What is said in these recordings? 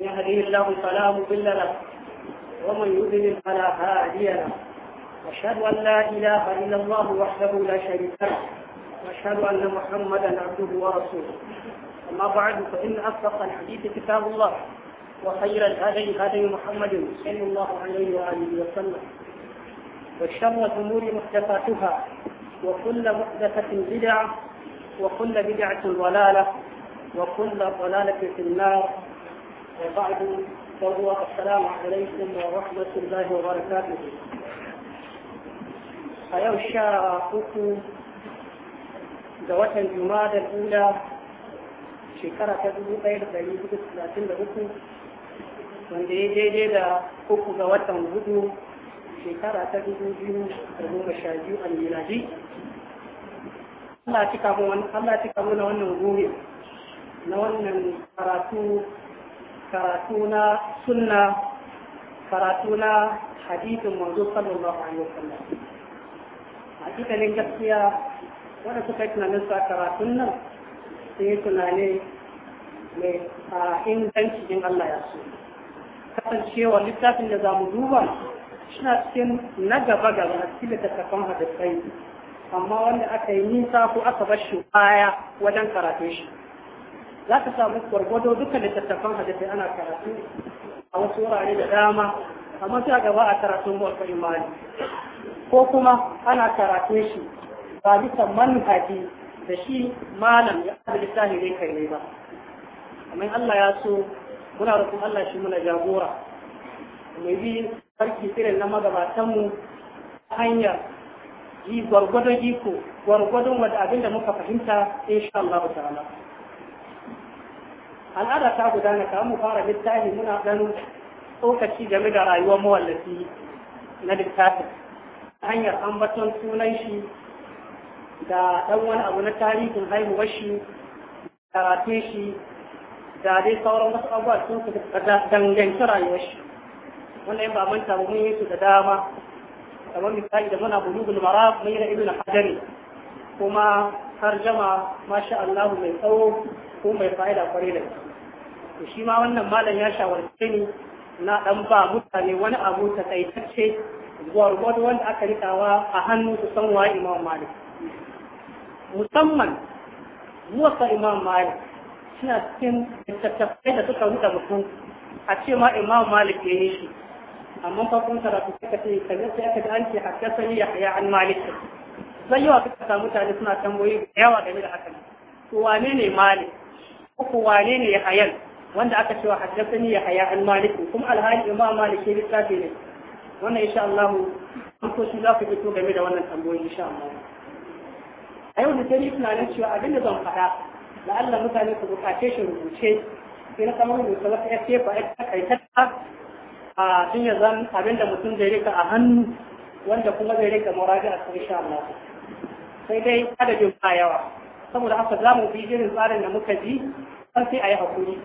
يهديه الله فلا مضل له ومن يضلل فلا هادي له أشهد أن لا إله إلا الله وحده لا شريك له وأشهد أن محمدا عبده ورسوله أما بعد فإن أصدق الحديث كتاب الله وخير الهدي هدي محمد صلى الله عليه وآله وسلم وشر الأمور محدثاتها وكل محدثة بدعة وكل بدعة ضلالة وكل ضلالة في النار وبعد فهو السلام عليكم ورحمة الله وبركاته أيو شاء أكو زوات الجماد الأولى شكرا تدبو غير بليد الثلاثين لأكو wanda ya daidai da uku ga watan hudu shekara ta dubu biyu da goma sha biyu a miladi Allah cika mu wannan Allah cika mu na wannan ruhi na wannan karatu karatu na sunna karatu na hadisin manzo sallallahu alaihi wasallam ne gaskiya wanda suka yi tunanin sa karatun nan sun yi tunani mai a inganci in Allah ya so kasancewa littafin da za mu duba suna cikin na gaba gaba a cikin littattafan hadisai amma wanda aka yi nisa ko aka bar shi baya wajen karatun shi za ka samu gwargwado duka littattafan hadisai ana karatu a wasu wurare da dama amma sai a gaba a karatun mawar imani ko kuma ana karatun shi ba bisa manhaji da shi malam ya haɗa littafi ne kai ne ba amma Allah ya so muna rufin Allah shi muna jagora mai bi sarki irin na magabatanmu hanyar yi gwargwadon iko gwargwadon wadda abinda muka fahimta insha Allah ta'ala al'ada ta gudana kamar mu fara littafi muna dan tsokaci game da rayuwar mawallafi na littafin ta hanyar ambaton sunan shi da ɗan wani abu na tarihin haihuwar shi karatun shi da dai sauran wasu abubuwa sun su dangance rayuwar shi wannan ba manta ba mun yi su da dama kamar misali da muna bulugul maram mai da ibnu hajari kuma har masha Allah mai tsawo ko mai fa'ida kware da shi shi ma wannan malam ya shawarce ni na dan ba mutane wani abu ta taitacce rubutu wanda aka rikawa a hannu su san wa imam malik musamman muwasa imam malik suna cikin littattafai da suka rusa mutum a ce ma imam malik ya yi shi amma farkon karatu suka ce kaza sai aka ji an ce haddasani yahya an malik sai yawa suka samu mutane suna tambayoyi da yawa game da hakan to wane ne malik ko wane ne yahyan wanda aka cewa haddasani yahya an malik kuma alhali imam malik ne littafi ne wannan insha Allah amsoshi za ku fito game da wannan tambayoyi insha Allah a yau da sai tunanin cewa abinda zan faɗa la'alla mutane su buƙace shi rubuce sai na kamar rubuta wata essay ba ta kaitata a cikin ya zan abinda mutum zai rika a hannu wanda kuma zai rika muraji a cikin sha Allah sai dai adadin ba yawa saboda haka za mu bi irin tsarin da muka ji an sai a yi hakuri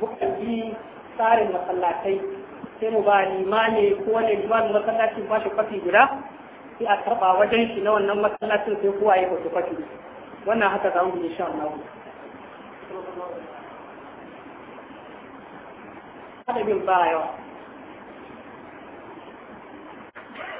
muka bi tsarin masallatai sai mu ba limani ko wani limanin masallacin ba shi kwafi guda sai a karɓa wajen shi na wannan masallacin sai kowa ya kwafi kwafi wannan haka za mu bi sha Allah adadin ba yawa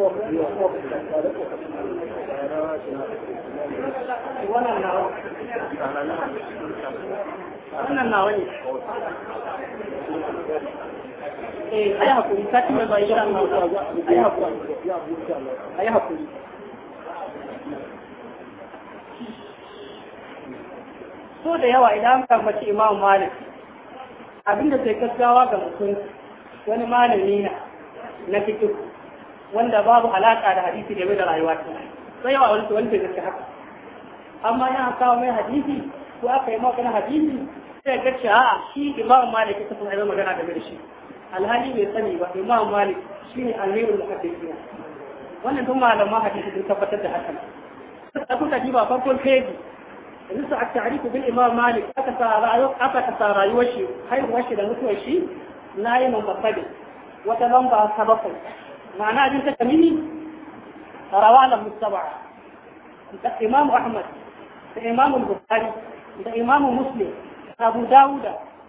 wannan nawa ne eh ayi hakuri sati mai bai a na ayi hakuri ayi hakuri so da yawa idan ka mace imam malik abinda sai gaggawa ga mutum wani malami na na fito. wanda babu alaka da hadisi game da rayuwa ta sai yawa wani wanda ya ce haka amma yana kawo mai hadisi ko aka yi magana hadisi sai ga ce a shi imam malik ya tafi mai magana game da shi alhali bai sani ba imam malik shine amirul hadisin wannan duk malaman hadisi sun tabbatar da hakan sai ta ji ba farkon peji yanzu su at-ta'rif bin imam malik aka sa rayuwar aka sa rayuwar shi haihuwar shi da mutuwar shi na yi mun babbade wata lamba ta bakwai معناه أنت كمين رواه المتبع أنت إمام أحمد أنت إمام البخاري أنت إمام مسلم أبو داود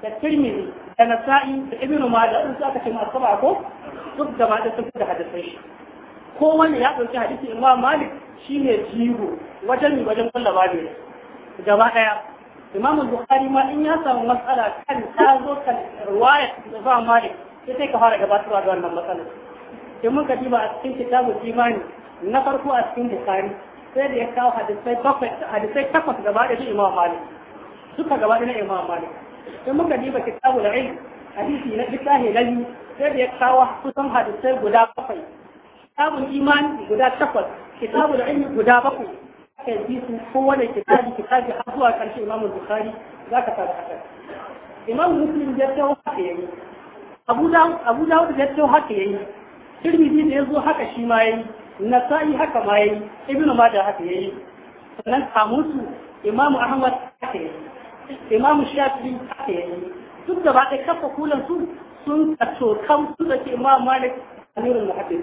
الترمذي النسائي ابن ماجه أنت أكتم السبعة كو ضد ما تسمى حدثين ko wani ya ɗauki hadisi imam malik shine jigo wajen wajen kulla babu gaba daya imam bukhari ma in ya samu matsala kan ta zo kan riwaya da ba malik sai ta ka fara gabatarwa da wannan matsalar in muka diba a cikin kitabu imani na farko a cikin bukari sai da ya kawo hadisai bakwai hadisai takwas gaba da imam malik suka gaba da imam malik in muka diba kitabu da ilmi hadisi na littafi lalli sai da ya kawo kusan hadisai guda bakwai kitabul imani guda takwas kitabu da ilmi guda bakwai aka yi su kowane kitabi kitabi har zuwa karshe imam bukari za ka tara haka imam muslim ya tawo haka yayi abu dawud abu dawud ya tawo haka yayi tirmidhi da ya zo haka shi ma yayi nasa'i haka ma yayi ibnu majah haka yayi sannan kamusu imamu ahmad haka yayi imamu shafi'i haka yayi duk da ba kai kafa kulan su sun kaso kan su da ke imam malik amirul muhaddis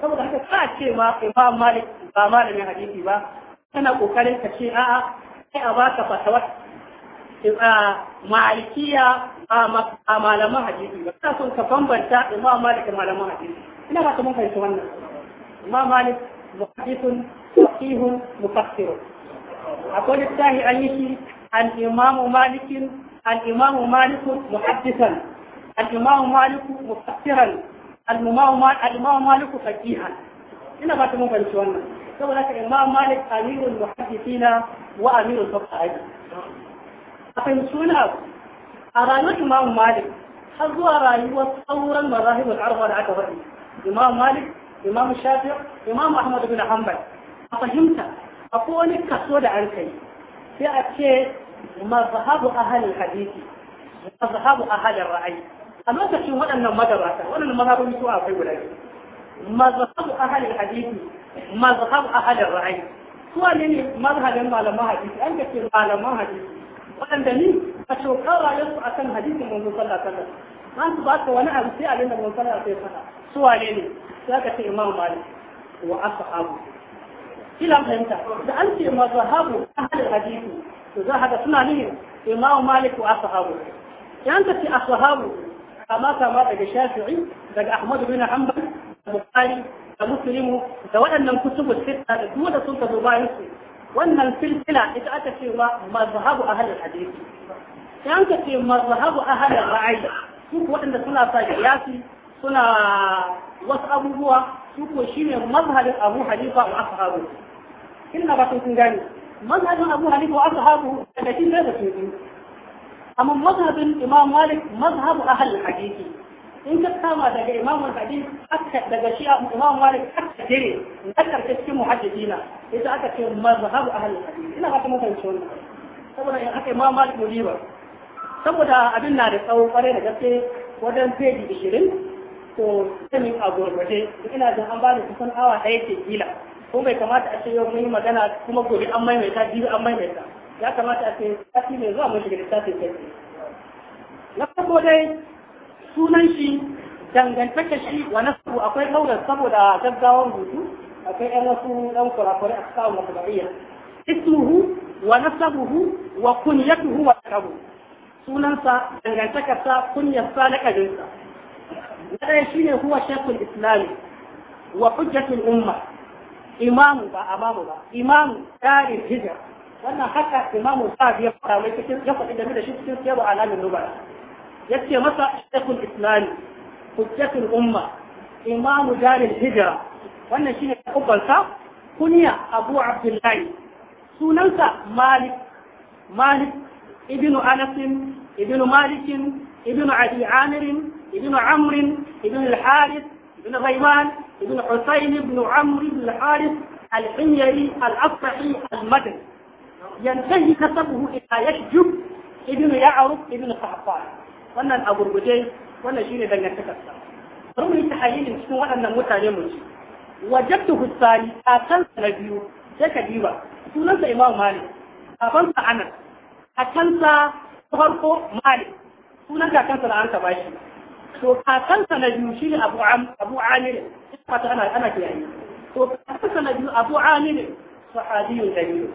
saboda haka ka ce ma imam malik ba malamin hadisi ba kana kokarin ka ce a'a sai a baka fatawa. malikiya a malaman hadisi ba ta sun ka bambanta imam malik da malaman hadisi ina ba ta mun fahimci wannan imam malik muhadisun faqihun mufassir akwai littafi an yi shi an imamu malikin an imamu maliku muhaddisan an imamu maliku mufassiran an imamu maliku fakihan ina ba ta mun fahimci wannan saboda ka imam malik amirul muhaddithina wa amirul fuqaha a suna a rayuwar imamu malik har zuwa rayuwar sauran mazahibul arba da aka faɗi imamu malik imamu shafi imamu ahmad bin hanbal a fahimta akwai wani kaso da an kai sai a ce mazhabu ahalin hadisi mazhabu ahalin ra'ayi a lokacin waɗannan magabata waɗannan mazhabun su akwai guda mazhabu ahalin hadisi mazhabu ahalin ra'ayi su ne mazhabin malaman hadisi an ce malaman hadisi waɗanda ni a shokar rayuwarsu a kan hadisin manzo sallah sallah an su ba ka wani abu sai abin da manzo sallah sai faɗa su wane ne za ka ce imam malik wa ashabu kila fahimta da an ce mazhabu ahlul hadisi to za ka suna ne imam malik wa ashabu yan ka ce ashabu kama kama daga shafi'i daga ahmad bin hanbal da bukhari da muslimu da waɗannan kutubu sita da duk da sun ka zo bayan su وان السلسله اتاتى في مذهب اهل الحديث كانت في مذهب اهل الرعي شوفوا ان سنا صاجياتي سنا وس ابو هو شوفوا شنو مذهب ابو حنيفه واصحابه كلنا بطن تنجاني مظهر ابو حنيفه واصحابه 30 ليله في اما مذهب الامام مالك مذهب اهل الحديث in ka kama daga imamun hadin aka daga shi imamun malik aka jire na karshe cikin muhaddidina yasa aka ce mazhabu ahlul hadis ina fata mun fahimci wannan saboda in aka imamun malik riba saboda abin na da tsawo kware da gaske wajen peji 20 to sanin a gurgurde ina jin an bani kusan awa ɗaya ke kila ko bai kamata a ce yau mun yi magana kuma gobe an maimaita jibi an maimaita ya kamata a ce sati mai zuwa mun shiga littafin sai na farko dai sunan shi dangantaka shi wa nasu akwai kaunar saboda gaggawan rubutu akwai ɗan wasu ɗan kurakurai a kawo na tabi'iyya ismuhu wa nasabuhu wa kunyatuhu wa laqabu sunansa dangantakarsa kunyarsa sa na ɗaya shine huwa shaykhul islami wa hujjatul umma imamu ba amamu ba imamu tarin hijira wannan haka imamu sa biyar fara mai cikin ya faɗi game da shi cikin siyarwa alamin nubara يكي مسا الشيخ الإسلام حجاك الأمة إمام دار الهجرة وانا شين يقبل سا كني أبو عبد الله سننسى مالك مالك ابن أنس ابن مالك ابن عدي عامر ابن عمر ابن الحارث ابن غيوان ابن حسين ابن عمر ابن الحارث الحميري الأصحي المدن ينتهي كتبه إلى يشجب ابن يعرف ابن خفاف wannan a gurguje wannan shine dangantakarsa bari mu yi tahayyulin cikin waɗannan mutane mu ci wajadtu husani kakan na biyu sai ka diba sunansa imam malik kakansa anas kakansa farko malik sunan kakansa da an ka bashi to kakansa na biyu shine abu abu amir fata ana ana kiyaye to kakansa na biyu abu amir sahabiyun dalil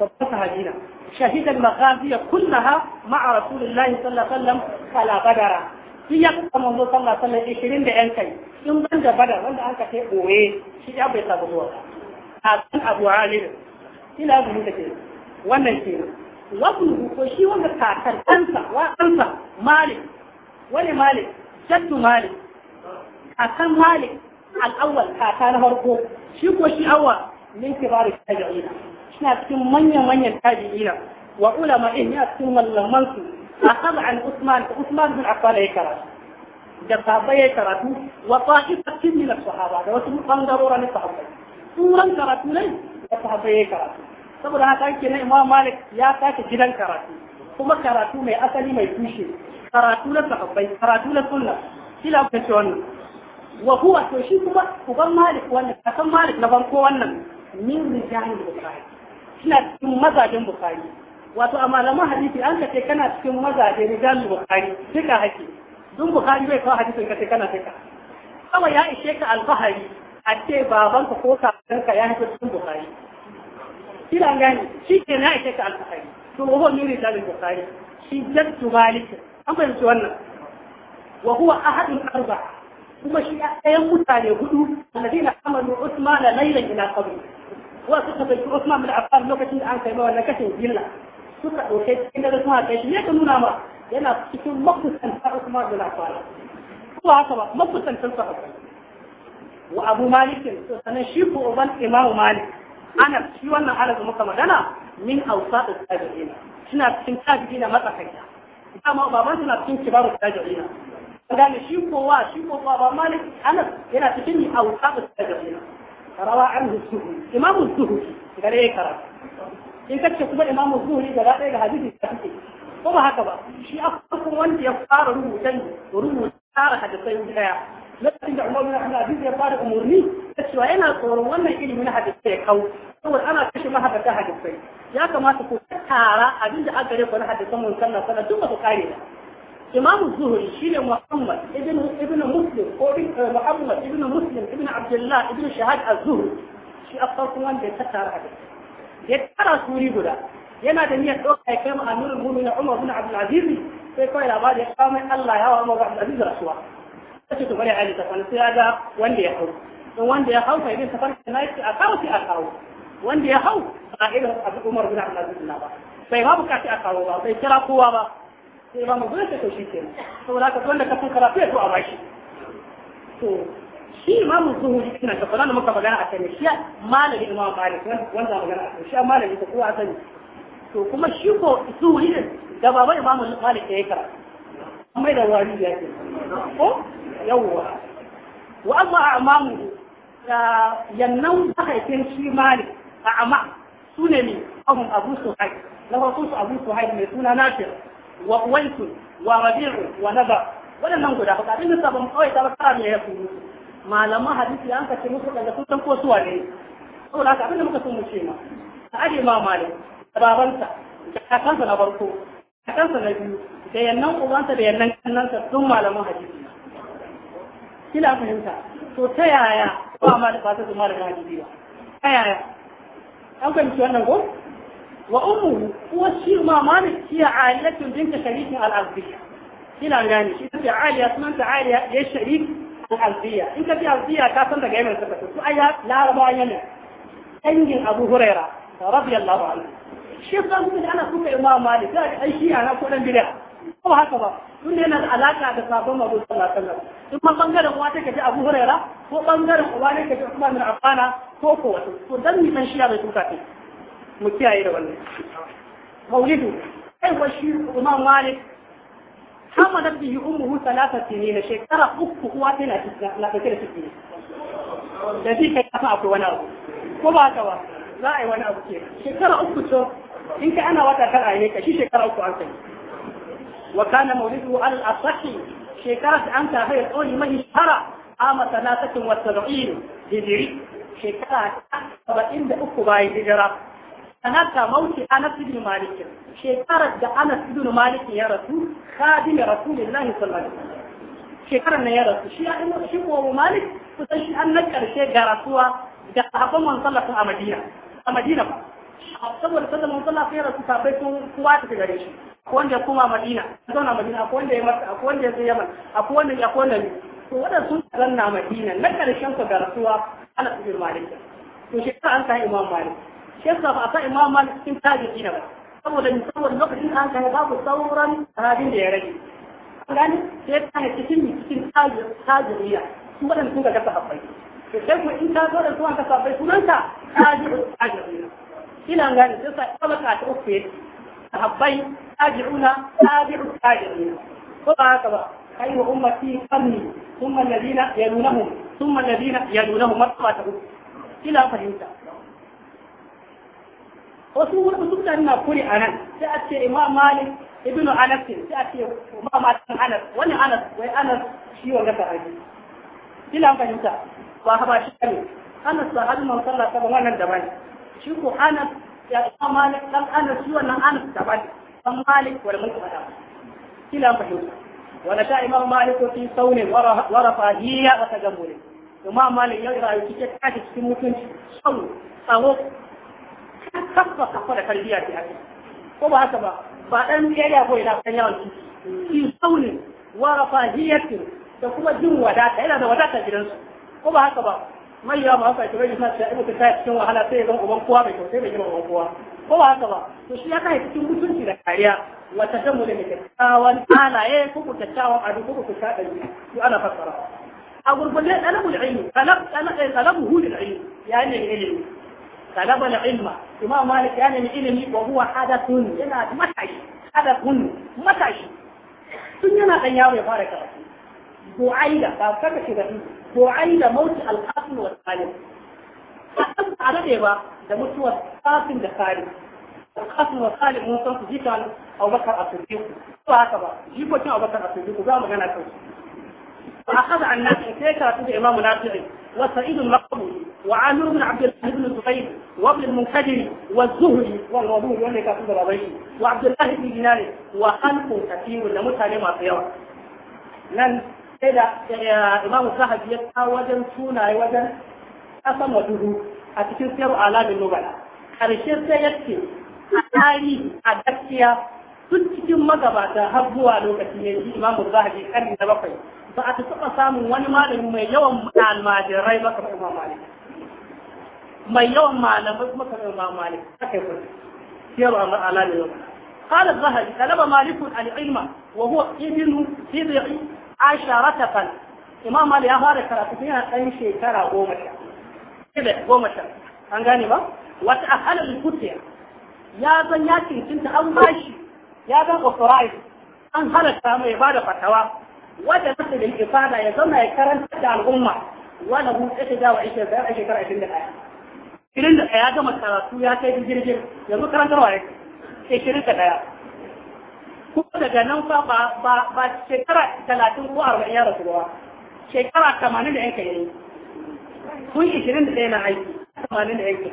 babban sahabina shahidan المغازي ya kuka manzo sallah sallah da yan kai in ban da badar wanda aka kai boye shi ya bai sabu zuwa abu ina gudu da ke wannan ke wasu ko shi wanda kakar wa malik wani malik jaddu malik kakan malik al'awwal kaka na farko shi ko shi awwa min suna cikin manya-manyan tabi'ina wa ulama in ya cikin malaman su akhadha an Usman Usman bin Affan ya karatu da sahabbai ya karatu wa ta'ifatin min sahaba da wasu bangarorin na sahabbai suran karatu ne da sahabbai ya karatu saboda haka yake ne Imam Malik ya sake gidan karatu kuma karatu mai asali mai tushe karatu na sahabbai karatu na sunna kila ku ce wannan wa huwa to shi kuma uban Malik wannan kasan Malik na ko wannan min rijalil Bukhari ina cikin mazajen bukari wato a malaman hadisi an ka ce kana cikin mazajen rijalul bukari fika hake dun bukari bai kawo hadisin ka ce kana fika kawai ya ishe ka alfahari a ce babanka ko kakanka ya haifar cikin bukari kina gani shi ke na ishe ka alfahari to wa huwa min bukari shi jaddu malik an fahimci wannan wa huwa haɗin arba kuma shi ya ɗayan mutane hudu alladina amalu usmana laylan ila qabri wa suka bai Usman bin Affan lokacin da an kai mawa wannan kashin gilla suka dauke cikin da suna kai shi ne ka nuna ma yana cikin makusanta Usman bin Affan ko haka ba makusantan sahabbai wa Abu Malik to sanan shi ko uban Imam Malik ana shi wannan alaga muka magana min awsat al-tabi'in suna cikin tabi'ina matsakaita dama baban suna cikin kibaru tabi'ina gane shi kowa shi kowa ba malik anas yana cikin ni awsat al-tabi'ina rawa an zuhuri imamu zuhuri gare ya karatu in kuma imamu zuhuri gaba ɗaya ga ta take ko ba haka ba shi a farkon wanda ya fara rubutan rubuta tsara hadisai daya lokacin da Umar bin Abdul Aziz ya fara umurni yana tsoron wannan ilimin hadisai ya kau saboda ana kashe mahadata hadisai ya kamata ku tara abinda aka gare ku na hadisan mun sannan sannan duk ba ku kare ba eh, muhammad ibn muslim ko muhammad ibn muslim abdullah ibn shahad az-zuhri shi a farkon wanda ya tattara hadisi ya tara suri guda yana da niyyar ɗauka ya kai amirul na umar bin abdul sai kawai labari ya kawo mai Allah ya wa umar bin abdul aziz rasuwa sai to bari a yi tafani sai ya ga wanda ya hau don wanda ya hau kai bin safar na yi a kawo sai a kawo wanda ya hau ba a irin abu umar bin abdul na ba sai ba bukaci a kawo ba sai kira kowa ba sai ba mu gudu sai to shi kenan saboda haka wanda ka san karatu ya to a bashi to shi imamu zuhu suna ta kwanan muka magana a kai shi malami imam malik wanda magana a kai shi malami ta kowa sani to kuma shi ko zuhu ne da baba imamu malik ya yi kara. mai da wani ya ce ko oh, yawwa wa amma a imamu yannan mahaifin shi malik a amma su ne ne ahun abu su haifi. na farko su abu su haifi mai suna nafir wa uwaisu wa rabi'u wa nazar waɗannan guda hudu abin da sabon kawai ta ba kara ne ya kuru malaman hadisi an ka ce musu daga sun san ko su wane saboda haka abinda muka sun mu ce ma a ake ma malam, da babansa da kakansa na farko kakansa na biyu da yannan ubansa da yannan kannansa sun malaman hadisi kila fahimta to ta yaya ba ma da fata su malaman hadisi ba ta yaya an fahimci wannan ko wa ummu uwa shi ma malik a aliyatun binta sharikin al-azdi kila gani shi ta aliya ta aliya ya sharik al'alziya in ka fi al'alziya ka san daga yamin suka su ai larabawa yamin dangin abu huraira radiyallahu anhu shi zan kuma ana kuma imam malik da ai shi ana ko dan bid'a ko haka ba tun yana da alaka da sabon abu sallallahu alaihi wasallam in ma bangaren uwa take ji abu huraira ko bangaren uwa ne take usman bin affan ko ko wato to dan ni san shi ya bai tuka ce mu kiyaye da wannan maulidu kai wa shi imam malik hamadat bihi ummuhu thalatha sinin shekara uku uwa tana na dauke da da shi kai kafa akwai wani abu ko ba haka ba za a yi wani abu ke shekara uku to in ka ana wata tara ne ka shi shekara uku an kai wa kana mawlidu al asahi da an ta bayan hijira sanata mauti Anas ibn Malik shekarar da Anas ibn Malik ya rasu khadim Rasulullahi sallallahu alaihi wasallam shekarar ne ya rasu shi ya shi ko Malik kusan shi an na karshe ga rasuwa da sahabban manzon a Madina a Madina ba saboda sallan manzon Allah sai rasu sahabbai sun kuwa ta gare shi ko wanda kuma Madina zauna Madina ko wanda ya masa ko wanda ya zai Yaman ko wanda ya ko wanda to wadannan sun zanna Madina na karshen ku ga rasuwa Anas ibn Malik to shekarar an sai Imam Malik shi yasa ba a sa imam malik cikin tabi'i na ba saboda ni saboda lokacin an kai babu sauran sahabin da ya rage gani sai ta ne cikin cikin tajiriya su wadanda sun ga kasa habbai to sai ku in ka zo da suwan kasa habbai sunanta tajiru tajiriya ina gani sai sai kaba ka ta uku yake habbai tajiruna tajiru tajiriya ko ba haka ba kai wa ummati qarni thumma alladhina yalunahum thumma alladhina yalunahum matwa ta uku ila fahimta wasu wurin su mutane na kuri a nan sai a ce imam malik ibnu anas sai a ce imam malik anas wani anas wai anas shi wanda ka haji kila fahimta ba ha ba shi ne anas ba hadu man sallah ta wannan daban shi ko anas ya imam malik dan anas shi wannan anas daban dan malik wal mutaba kila fahimta wala ta imam malik ko fi saunin wa rafahiyya wa tajammul imam malik ya rayu cikin kashi cikin mutunci sau tsawo kafa kafa da tarbiyya ce ake ko ba haka ba ba dan area ko ina kan yawan ki ki sauni wa rafahiyatin da kuma jin wadata yana da wadata gidansu ko ba haka ba mai yawa ma haka kire da sai ibu ta cikin wahala sai ya zama uban kowa bai kyautai bai gina uban kowa ko ba haka ba to shi ya kai cikin mutunci da kariya wata ta mu da kyakkyawan halaye ko kyakkyawan adu ko kyakkyawan to ana fassara a gurgulle ɗalibul ilmi ɗalibul ilmi ya ne ilimi talaba da ilma imam malik ya nemi ilimi wa huwa hadathun yana matashi hadathun matashi tun yana dan yaro ya fara karatu ba mauti al-qasim wa ba da mutuwar qasim da al-qasim wa mun san su jikan abubakar as-siddiq haka ba jikokin abubakar as-siddiq za mu gana kansu فأخذ عن نافع سيكرة الإمام نافع وسعيد المقبول وعامر بن عبد الله بن الزبير وابن المنكدر والزهري والربوع واللي كان في وعبد الله بن دينار وخلق كثير لمتعلم ما nan sai da imamu sahabi ya kawo wajen sunaye wajen kasan wadudu a cikin sayar alamin nubala karshe sai a a duk cikin magabata har zuwa lokaci ne imamu sahabi kan na bakwai ba a taɓa samun wani malamin mai yawan almajirai ba kuma Imam Malik. Mai yawan malamai kuma kamar Imam Malik. Aka yi kuma. Kiyar Amar Alali yau. Kala Zahari, Malik Al-Ilma, wa huwa ibinu Sidiri Aisha kan Imam Malik ya fara karatu tun yana ɗan shekara goma sha. Sida goma sha. An gane ba? Wata a halar Kutiya. Ya zan ya cincinta an bashi. Ya zan ofura'i. An halarta mai ba da fatawa wata nasu da ifada ya zama ya karanta da al'umma wala hu tsaka da wa da a shekara 21 irin da ya gama karatu ya kai jirgin yanzu karantarwa ya kai ɗaya. kuma daga nan fa ba ba shekara talatin ko arba'in ya rasu ba shekara tamanin da yanka yayi kun ɗaya na aiki tamanin da yanka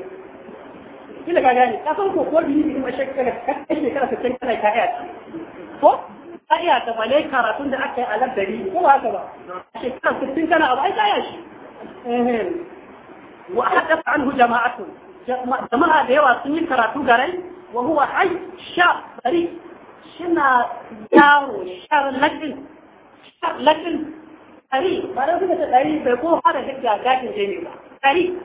kila ka gane ka ko ko bi ni kuma shekara shekara kana ko أي أتفلي كاراتون ده أكى على بدي هو هذا شكرا ستين كان أبغى إيش أيش إيهن وحدث عنه جماعة جماعة ده واسمي كاراتون جري وهو حي شاب بريء شنا يارو شاب لكن شاب لكن بريء بعرف إذا بريء بكو إيه؟ هذا هيك جاك لكن جميل بريء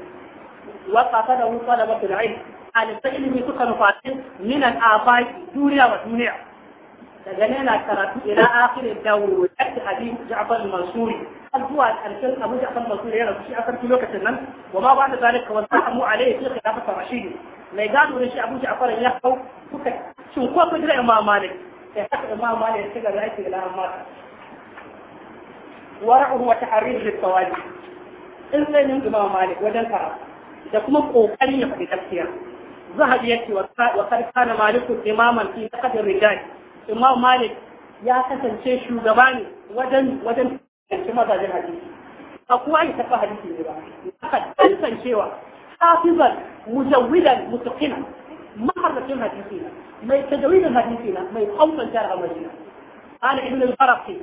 وقف هذا هو طلبة العلم على سائل من سكان فاتن من الآباء دوريا ودنيا daga ne karatu ila akhirin dawo yadda abi ja'far al-mansuri har zuwa karshen abu ja'far al ya shi a karfi lokacin nan wa ma ba'da zalika wa sa'amu alayhi fi khilafati rashid mai gado da shi abu ja'far ya hau suka shin ko kun jira imam malik sai haka imam malik ya cika da ila mata wara'uhu wa tahrir lit-tawaji in sai yin imam malik wajen karatu da kuma kokarin ya fadi tafsira zahabi yake wa kad kana maliku imaman fi naqd imam malik ya kasance shugaba ne wajen wajen kasance mazajen hadisi a kuwa ya taɓa hadisi ne ba aka tantancewa hafizan mujawwidan mutaqina maharrafin hadisi ne mai tajawidin hadisi ne mai kaunan jar hamadina قال ابن البرقي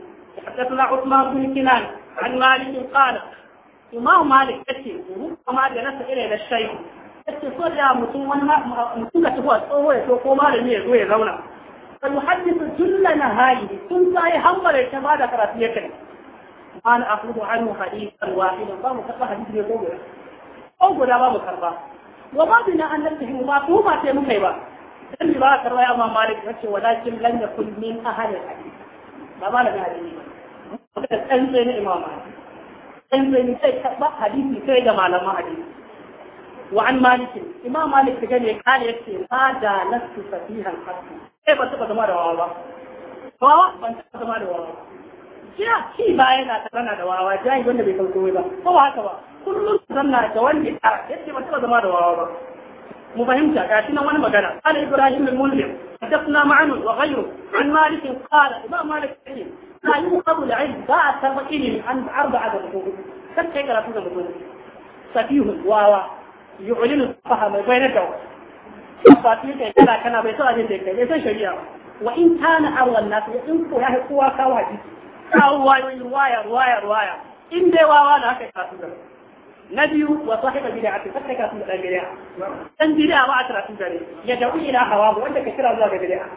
حدثنا عثمان بن كنان عن مالك قال imam malik yace kuma da nasa irin da shayi yace so da mutum wani mutum da tafiya tsoho ya so ko malami ya zo ya zauna فيحدث كل نهايه كنت أي حمر الشمال ثلاثية أنا أخذ عنه حديثا واحدا ما مكتبه حديث يقول أقول ما مكتبه وما بنا أن نتهم ما توما تيمكي با لم يباك الله أمام مالك رشي ولكن لم يكن من أهل الحديث ما مالك هذه أنزين إمامان أنزين تيكتب حديثي سيدة معلمة حديثي وعن مالك إمام مالك تجاني قال يكتب هذا لست فيها الحديث sai ba taɓa zama da wawa ba wawa ban taɓa zama da wawa jiya shi ba yana tarana da wawa jahi wanda bai kauce ba ko ba haka ba kullum zanna da wanda ya tsara yadda ban taɓa zama da wawa ba mu fahimta ga shi nan wani magana قال ابراهيم المنذر حدثنا معن وغيره عن مالك قال امام مالك لا يوقظ العلم باء الترقيل عن اربعه رسول كم كيف رسول الله سفيه واوا يعلن الفهم بين الدول ba su kai kana kana bai san abin da kai bai san shari'a ba wa in kana arwan nasu in ko ya kowa kawo hadisi kawo wayoyi ruwaya ruwaya ruwaya in dai wawa na haka kasu da na biyu wa sahiba bid'a ta kake kasu da bid'a dan gida ba a karatu gare ya da'u ila hawa wanda ka kira zuwa ga bid'a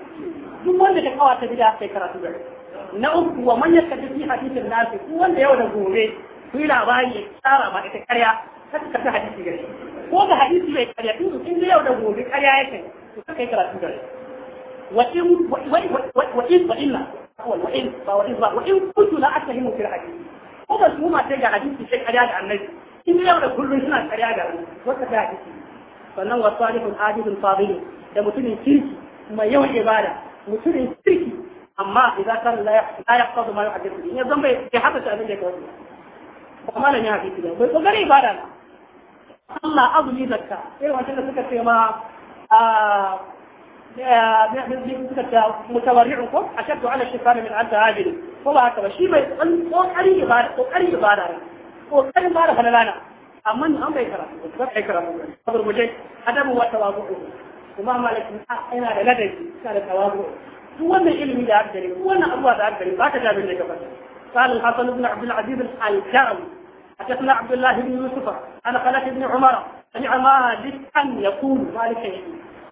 duk wanda ka kawo ta bid'a sai karatu da na uku wa man yakadu fi hadithin nasu wanda yau da gobe ku yi labari ya tsara ba ita karya ka ta hadisi gare ko ga hadisi bai karya tun in yau da gobe karya yake to kai kai karatu da wa in wa in wa inna wa in ba wa in ba wa in kuntu la atahimu fil hadisi ko ba su ma sai ga hadisi sai karya da annabi in yau da kullun suna karya da wata da hadisi sannan wa salihul hadithul fadil da mutumin kirki mai yawan ibada mutumin kirki amma idan kan la yaqtadu ma yuhaddithu ne zan bai haka ta abin da kawai ba malan ya hadisi ba bai ko ibada na Allah azumi zakka irin wancan da suka ce ma a suka ce mutawarri'un ko a shaddu ala shifani min anta hajiri ko ba haka ba shi mai tsan ibada kokari ibada ne kokarin ba da falalana amma ni an bai karatu ba bai karatu ba gurguje adabu wa tawabu kuma malaki a ina da ladabi da tawabu duk wannan ilimi da aka gani duk wannan da aka gani ba ka jabin da ka fata قال الحسن بن عبد العزيز حدثنا عبد الله بن يوسف عن خلف بن عمر سمع مالك أن يقول مالك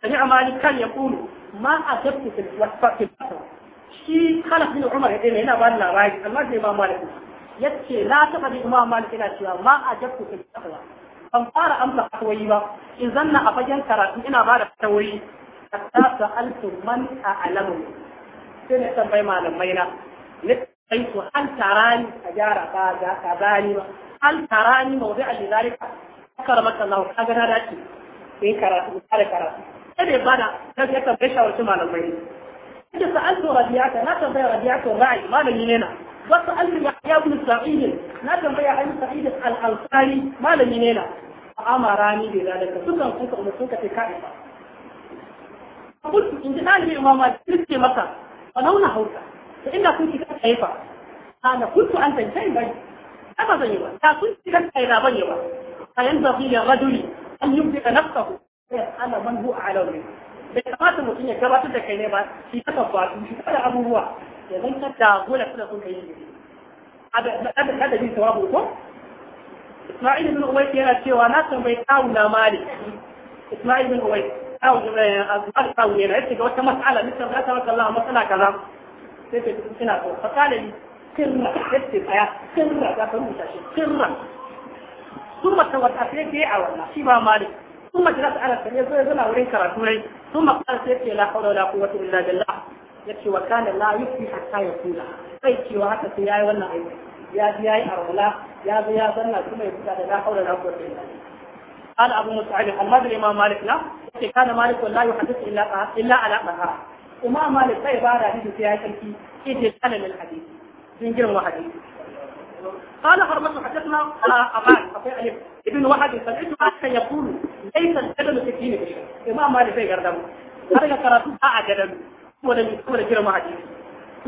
سمع مالك أن يقول ما أجبت في الوصفة في البصر شي خلف بن عمر يقول هنا بان لا رايك المجد إمام مالك يتشي لا تقضي إمام مالك إلى شيئا ما أجبت في الوصفة ban fara amsa fatawoyi ba in zanna a fagen karatu ina ba da fatawoyi hatta sa'altu man a alamu sai na tambayi malamai na ni sai su hal tarani a gyara ka gani ba hal tarani mawdi'a lidhalika akramaka Allah kaga na dace sai karatu kare karatu sai da bada sai ya tambaye shawarci malamai ne. da sa'altu rabiyata na tambaya rabiyata ra'i malami ne na wasu alli ya ibn sa'id na tambaya an sa'id al-ansari malami ne na amara ni da zalika sukan kuka umma suka ce kai ba kullu in da ni imama kirke maka fa launa hauka inda kun kika kai fa ana kuntu an tantai bai أبدا يبقى لا تنسي لك أي رابا يبقى فينبغي الرجل أن يبدأ نفسه أنا من هو أعلى منه بيتمات المسلمين كبات الدكينيبا في تفضل مش أبدا أبو هو يظن كتا غولة كل أكون أي مدين هذا هذا دين سوابه أكون إسماعيل بن أويت يرى كيوا ناس من بيتاونا مالي إسماعيل بن أويت أو جمال أزمار تاونا يرى إسماعيل بن أويت مسألة مثل غاتة الله مسألة كذا سيفي تسكنا فقال لي sirra yadda tsaya sirra za ka rubuta shi sirra sun mata wata sai ke a wannan shi ba malik sun mata za ala sai ya wurin karatu ne sun mata sai ce la haula la quwwata illa billah yace wa kana la yufi hatta yakula kai cewa haka sai yayi wannan aiki ya ji yayi arwala ya zo ya zanna kuma ya buɗa da la haula la quwwata illa billah قال أبو مسعود محمد الإمام مالك لا كان مالك لا يحدث إلا إلا على طهارة وما da في عبارة هذه في هذه الكي إذ الحديث من سنجر واحد قال حرمة حدثنا على أبان ابن واحد سمعت حتى يقول ليس الجدل في الدين بشيء إمام مالي في قردم هذا كراتو باع جدل ولا ولا جرى ما حديث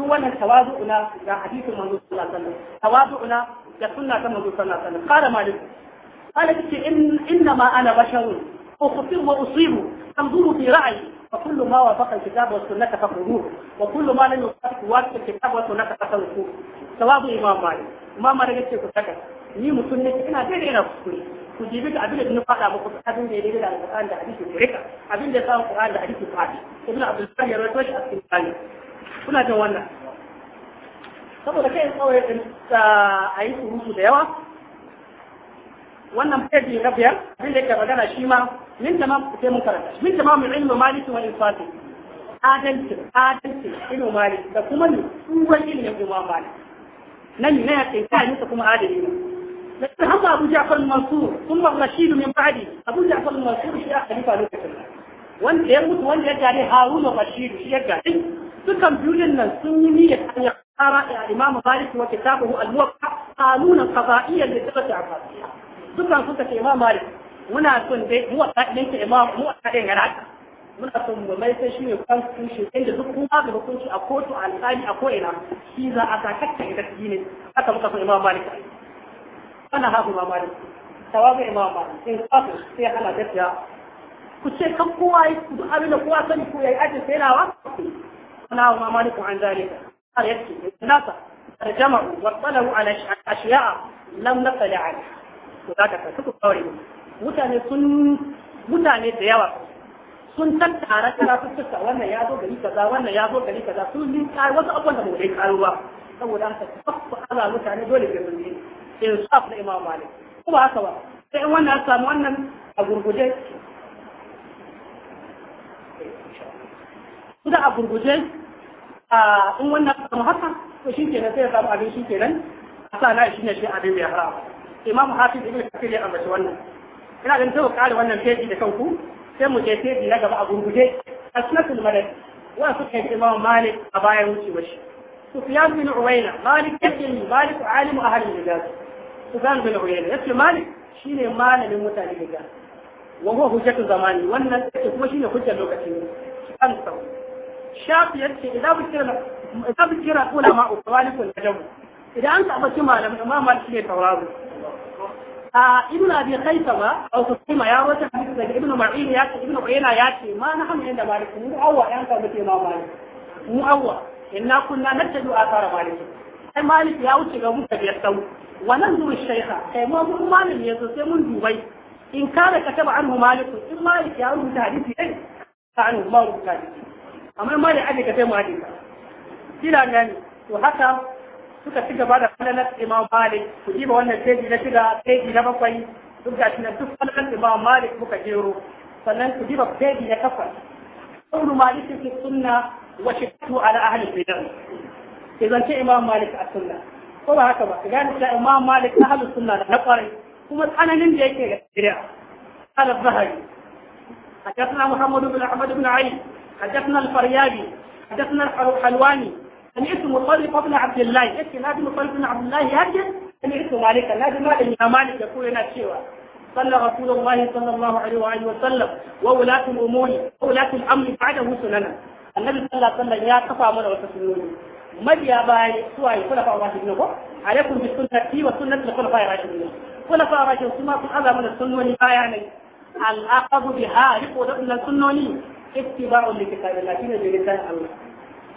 هو أن تواضعنا يا حديث من صلى الله عليه وسلم تواضعنا لسنة المنزول صلى الله عليه وسلم قال مالك قال إن إنما أنا بشر أخطئ وأصيب تنظر في رأيي فكل ما وافق الكتاب والسنة فخذوه وكل ما لم يوافق وافق الكتاب والسنة فتركوه ثواب إمام ni mutum ne ina daidai kuskure ku jibi ga abin da na faɗa muku abin da ya daidai da alƙur'ani da hadisi ku rika abin da ya samu alƙur'ani da hadisi ku haɗe ibn abdul bari ya rawaito shi a cikin bani kuna jin wannan saboda kai tsawon a yi surutu da yawa wannan kaji na biyar abin da yake magana shi ma min tamam sai mun karanta min ma tamam ilmu maliki wa infati adalci adalci ilmu maliki da kuma ne tsuban ilmin imam maliki nan ne ya ce kai musu kuma adali ne da hamba Abu Ja'far al-Mansur kuma Rashid min ba'di Abu Ja'far al-Mansur shi a khalifa lokacin wanda ya mutu wanda ya gare haruna Rashid shi ya gare dukan biyun nan sun yi niyyar an ya fara Imam Malik wa kitabuhu al-Muwatta قانونا قضائيا للدولة العباسية dukan suka ce imam malik muna son dai mu wasa din ta imam mu wata din yaraka muna son mu mai sai shine constitution inda duk kuma kun hukunci a kotu a alƙali a ko ina shi za a sa kakka ita ne aka muka son imam malik ana haka imam malik tawabi imam malik in kafu sai ana tafiya ku ce kan kowa yi ku abin da kowa sani ko yayi ajin sai nawa ana imam malik an zalika har yake nasa tarjama wa talahu ala ashiya lam naqli anha to za ka karfi ku kawai mutane sun mutane da yawa sun tantara karatuttuka wannan ya zo gari kaza wannan ya zo gari kaza sun yi kai wasu abubuwan da bai karo ba saboda haka kafa ala mutane dole ke sun yi insaf na imam malik kuma haka ba sai in wannan samu wannan a gurguje da a gurguje a in wannan samu haka to shi kenan sai ya samu abin shi kenan a sa na shi ne shi abin bai harama imam hafiz ibn kafir ya ambaci wannan ina ganin sai ku kare wannan feji da kanku sai mu je feji na gaba a gurguje asnatul madad wa su kai imam malik a bayan wucewar shi sufyan bin uwaina malik ibn malik alimu ahli al-hijaz sufyan bin uwaina yace malik shine malamin mutane daga wa huwa hujjatu zamani wannan yake kuma shine hujjar lokacin kan sau shafi yace idan bikira idan bikira ulama ukwalikum najamu idan an taɓa ci malamin imam malik ne tauraro a ibn abi khaifa ba aw ko kuma ya wata hadisi daga ibn mar'in ya ce ibn uyna ya ce ma na hamu inda malik mu awwa yan ka muke ma malik mu awwa inna kunna natadu athar malik ya wuce ga mutane ya tsau wannan zuwa shaykha kai ma mun malik ya zo sai mun dubai in ka da an mu in malik ya rubuta hadisi ne ta an mu malik amma malik ake kai malik kila gani to haka suka ci gaba da falalar imam malik ku wannan teji na shida teji na bakwai duk da shi duk falalar imam malik muka jero sannan ku ɗiba teji na takwas qawlu malik fi sunna wa shiddatu ala ahli idan ce imam malik a sunna ko ba haka ba gani ta imam malik ahli sunna na kwarai kuma tsananin da yake ga bid'ah قال الظهري حدثنا محمد بن احمد بن علي حدثنا الفريابي حدثنا الحلواني سمعت مطلق بن عبد الله يكي نادي مطلق بن عبد الله يهجر سمعت مالكا نادي مالك يا مالك يقول لنا شيئا صلى رسول الله صلى الله عليه وآله وسلم وولاة الأمور وولاة الأمر بعده سننا النبي صلى الله عليه وسلم يا كفى من وتسلوني mabiya bayan suwa yi kula fa'a rashin ko alaikum bi sunnati wa sunnati kula fa'a rashin kula fa'a rashin kuma kun azama da sunnoni baya ne al aqabu biha da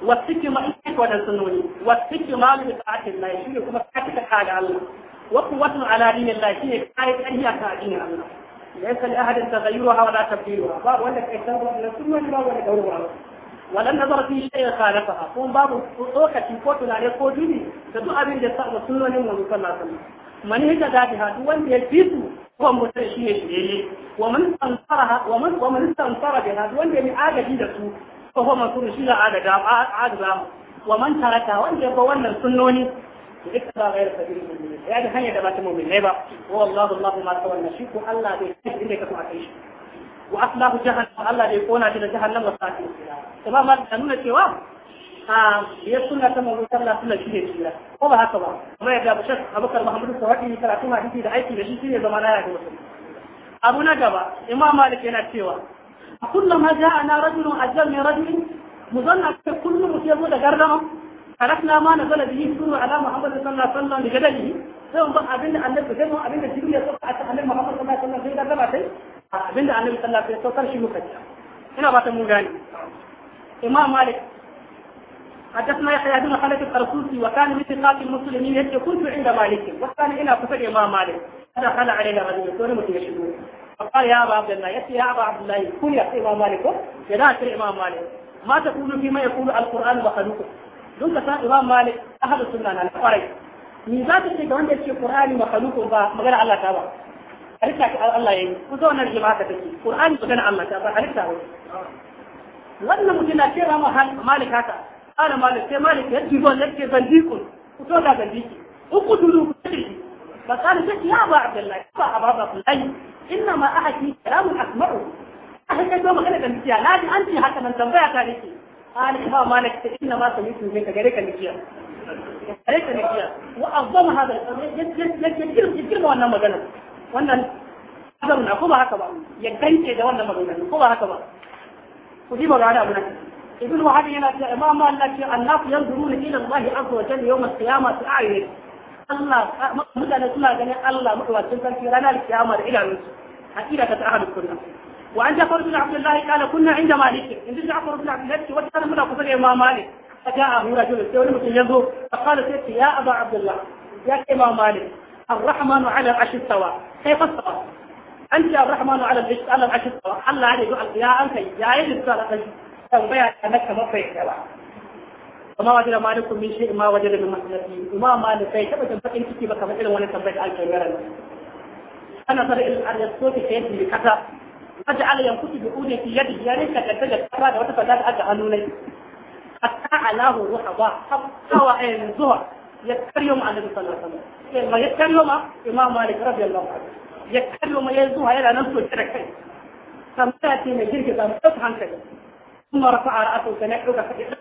wasu ki ma ita ko da sunoni wasu ki ma bi shi ne kuma kake ta kaga Allah wa quwwatun ala dinin Allah shi ne kai kan ya ta dinin Allah laysa li ahadin taghayyuruha wa la tabdiluha ba wanda kai san ba da sunoni ba wanda dauruwa wa lan nazara fi shay khalafaha kun babu tsokaci ko tunare ko duni da duk abin da sa sunonin mu sallallahu alaihi mani hita da ta duk wanda ya fitu ko mutane shi ne shi ne ومن استنصرها ومن ومن استنصر بها وان يعني اجدي fa huwa masrur shi za a da gaba wa man taraka wanda ya fa wannan sunnoni ذكرى غير سبيل المؤمنين هذه هي دبات المؤمنين ليبا هو الله الله ما تولى شيك الله بي إليك تعيش وأصلاه جهنم الله بي كونا جل جهنم وساكن تمام ما cewa? سوا biyar suna ta mawuyi sallah suna shi ne ko ba haka ba kuma ya gabu shak abubakar muhammadu sawadi karatu hadisi da aiki da shi shine zama na ya ga mutum abu na gaba imam malik yana cewa كلما جاءنا رجل أجل من رجل مظن كل مسيب ذكرنا عرفنا ما نزل به يكونوا على محمد صلى الله عليه وسلم لجدله sai ban abin أن نبقى sai mun abin da jibril ya محمد صلى الله عليه وسلم alaihi wasallam sai da gaba sai abin da annabi sallallahu alaihi wasallam saukar shi muka ci ina حدثنا يحيى بن خالد الرسولي وكان من ثقات المسلمين يقول كنت عند مالك وكان هنا كفر امام مالك فدخل علينا رجل يقول متي فقال يا أبا عبد a يأتي يا أبا عبد الله كن يا إمام مالك يدا أشر إمام مالك ما تقول فيما يقول القرآن مخلوق دون كسان إمام مالك أهل السنة على قريب ni za ta ce ga wanda ce Qur'ani makhluqun ba magana Allah ta ba halitta ta Allah yayi ku zo nan jima ka take Qur'ani magana Allah ta ba halitta ba wannan mutum na cewa ma malik haka ana malik sai malik ya ji ban yake zandiku ku to ga zandiki uku dulu ku take ba kana sai ya ba ba ababa إنما أحكي كلام أسمعه أحكي كلام غير تنبيا لكن أنت حتى من تنبيا كاريكي قال إمام مالك إنما سميت من ذلك غيرك نكيا غيرك نكيا وأعظم هذا يجير يجير ما أنا مجنون وأنا أقدر نقوم هكذا يجنك ده وأنا مجنون نقوم هكذا ودي ما قاعد أقول ابن وهب يقول إمام مالك الناس ينظرون إلى الله عز وجل يوم القيامة في أعينهم الله مثلا سمع جنا الله الله مقبل تنزل في رنا الكامر إلى إلى تتعهد كلها وعند عبد الله قال كنا عند مالك عند جعفر بن عبد الله وكان من أقصى ما مالك فجاءه رجل استولى مسجده فقال سيدي يا أبا عبد الله يا إمام مالك الرحمن على العرش سواء كيف استوى؟ أنت الرحمن على العرش سواء الله عليه يقول يا أنت يا إلهي استوى العرش استوى يا أنك ما في وما وجد مالك من شيء ما وجد من مسلمي وما مال في شيء فكان بقين كتي بقى فإلا وانا تبقى على الكبيرة أنا صار إلى أن يسوك شيء في كذا فجاء على ينفط بأودي في يده يعني كتجد كذا وتفجأ أجا أنوني حتى علاه روح الله حوى إن زهر يتكلم عن رسول صلى الله عليه وسلم يتكلم إمام مالك رضي الله عنه يتكلم يزوها إلى نفسه تركه ثم من جرك ثم تفهم ثم رفع رأسه وتنحوك فإذا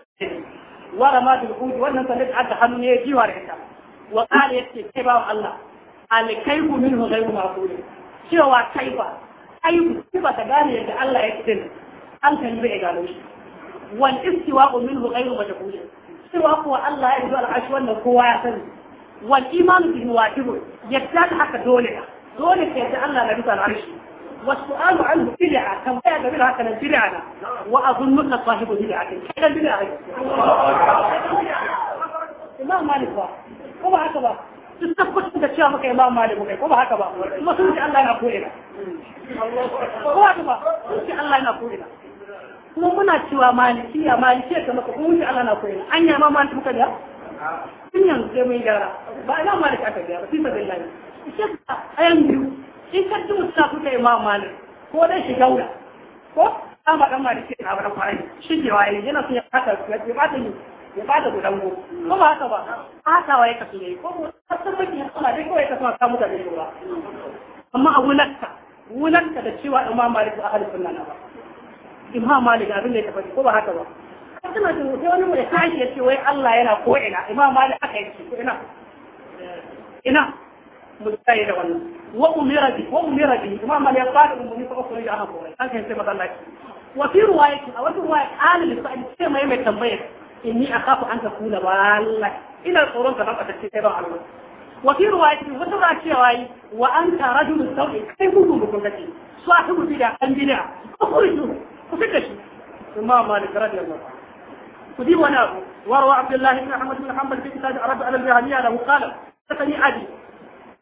ورما بالعود wannan sandar da hannu ne ya jiwa da ita wa qala yace kai ba Allah alkaibu minhu ghayru maqul cewa kai ba kai ku ba ta gane yadda Allah ya kidin an kan bai gano shi wal istiwa'u minhu ghayru majhul cewa kuwa Allah ya yi al'ashi wannan kowa ya sani wal imanu bihi wajibun yadda haka dole dole sai Allah na bisa al'ashi والسؤال عنه بدعة كم بعد منها كان بدعة وأظنك صاحب بدعة كان بدعة إمام مالك بقى هو هكذا تستفقت انت شافك امام مالك وكيف هو هكذا ثم سنت الله نقول لنا هو هكذا سنت الله نقول لنا kuma muna cewa malikiya malikiya kamar ka kuma Allah na koyi an yi ma maliki muka da tun yanzu sai mun gyara ba ina maliki aka gyara fi ba billahi shi a yan biyu in ka duk sa suka yi ma malik ko dai shi gaura ko an ma dan malik na ba kwarai shi ke waye yana sun ya haka ya ba ta yi ya ba ta gudan go ko ba haka ba haka waye ka sun yi ko mu san miki Allah dai kawai ka sa ka da dai ba amma a wulanka wulanka da cewa imam malik ba ahli sunna na ba imam malik abin da ya tafi ko ba haka ba suna jin sai wani mai tashi ya ce wai Allah yana ko ina imam malik aka yi ko ina ina متسايد ولا وأمر به وأمر به إمام مالي قال أمني فأخرج أنا فوري هل كان سيما الله وفي رواية أو في رواية آل لسائل كما يمي تنبيه إني أخاف أن تكون والله إلى القرون تبقى تكتبه على الله وفي رواية وترى كيواي وأنت رجل سوء كيف تكون لك صاحب البدع البدع أخرجه وفكش إمام مالك رضي الله عنه ودي وانا وروى عبد الله بن محمد بن حنبل في كتاب العرب على الجهميه له قال حدثني ابي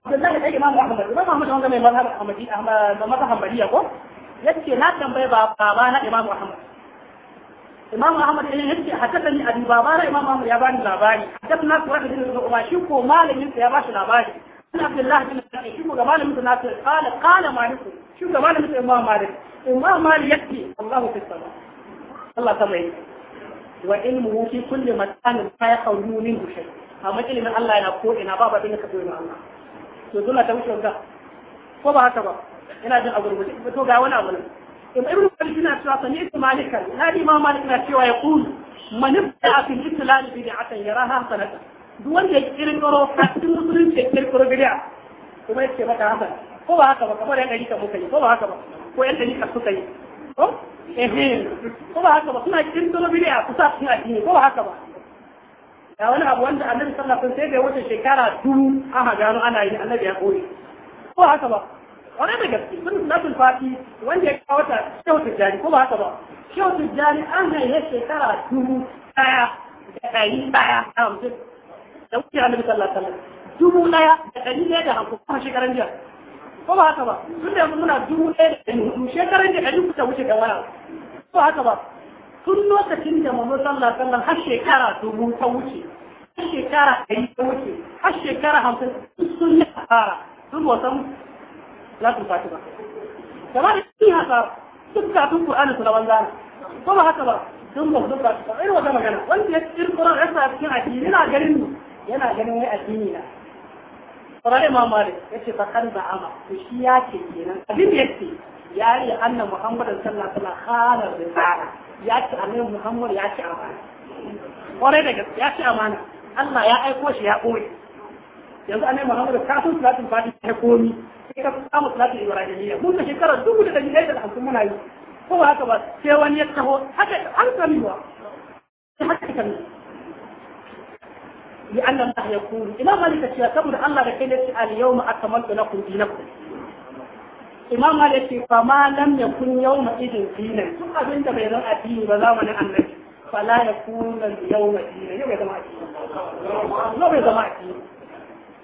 Abdullahi ɗan Ahmad, Ahmad wanda mai mazhab ko? Yace na tambaye baba na Ahmad. Ahmad yace abi baba na Ahmad ya bani labari. Hadathna Qur'an bin Umar shi ko malamin sa ya bashi labari. Ibn Abdullah bin ilimin Allah yana ko ina abin da ka to dole ta wuce ga ko ba haka ba ina jin a to ga wani abu ne cewa na di imam malik cewa ya kulu man ibda fi islam yaraha sanata duk wanda ya fatin bid'a kuma yake ko ba haka ba kamar yan dalika muka yi ko ba haka ba ko yan dalika suka yi ko eh ko ba haka ba suna bid'a kusa ko ba haka ba ga wani abu wanda annabi sallallahu alaihi wasallam sai bai wuce shekara dubu aka gano ana yi annabi ya koyi ko haka ba wani da gaske sun nasul fati wanda ya kawo ta shehu tijjani ko ba haka ba shehu tijjani an haihe shekara dubu daya da kayi daya a hamsin da wuce annabi sallallahu alaihi wasallam dubu daya da kayi daya da hamsin kuma shekaran jiya ko ba haka ba tun da yanzu muna dubu daya da ɗari hudu shekaran jiya yi kusa wuce da wani ko haka ba tun lokacin da manzo sallallahu sallan, wasallam har shekara dubu ta wuce har shekara ɗari ta wuce har shekara hamsin sun yi hasara sun wasan latin fatima kamar da sun hasara duk kafin Qur'ani su rawan zana ko ba haka ba sun ba su duk kafin irin wata magana wanda ya cikin Qur'an ya sa cikin addini yana ganin mu yana ganin wai addini na Qur'an Imam Malik yace fa kan da ama to shi ya ce kenan abin da yake ya yi annabi Muhammad sallallahu alaihi wasallam da risala ya ci annabi Muhammad ya ci amana kwarai da gaske ya ci amana Allah ya aiko shi ya ɓoye yanzu annabi Muhammad ka san salatin fati ta komi sai ka samu salatin ibrahimiyya mun da shekara dubu da dari da hamsin muna yi ko ba haka ba sai wani ya taho haka an sami ba haka kan لأن الله يقول إلى ذلك يا كبر الله لكي نسأل اليوم أكملت لكم دينكم imam malik ce fa ma lam yakun yawma idin dinan duk abin da bai zama addini ba za mu ne annabi fala yakun yawma dinan yau ya zama addini yau bai zama addini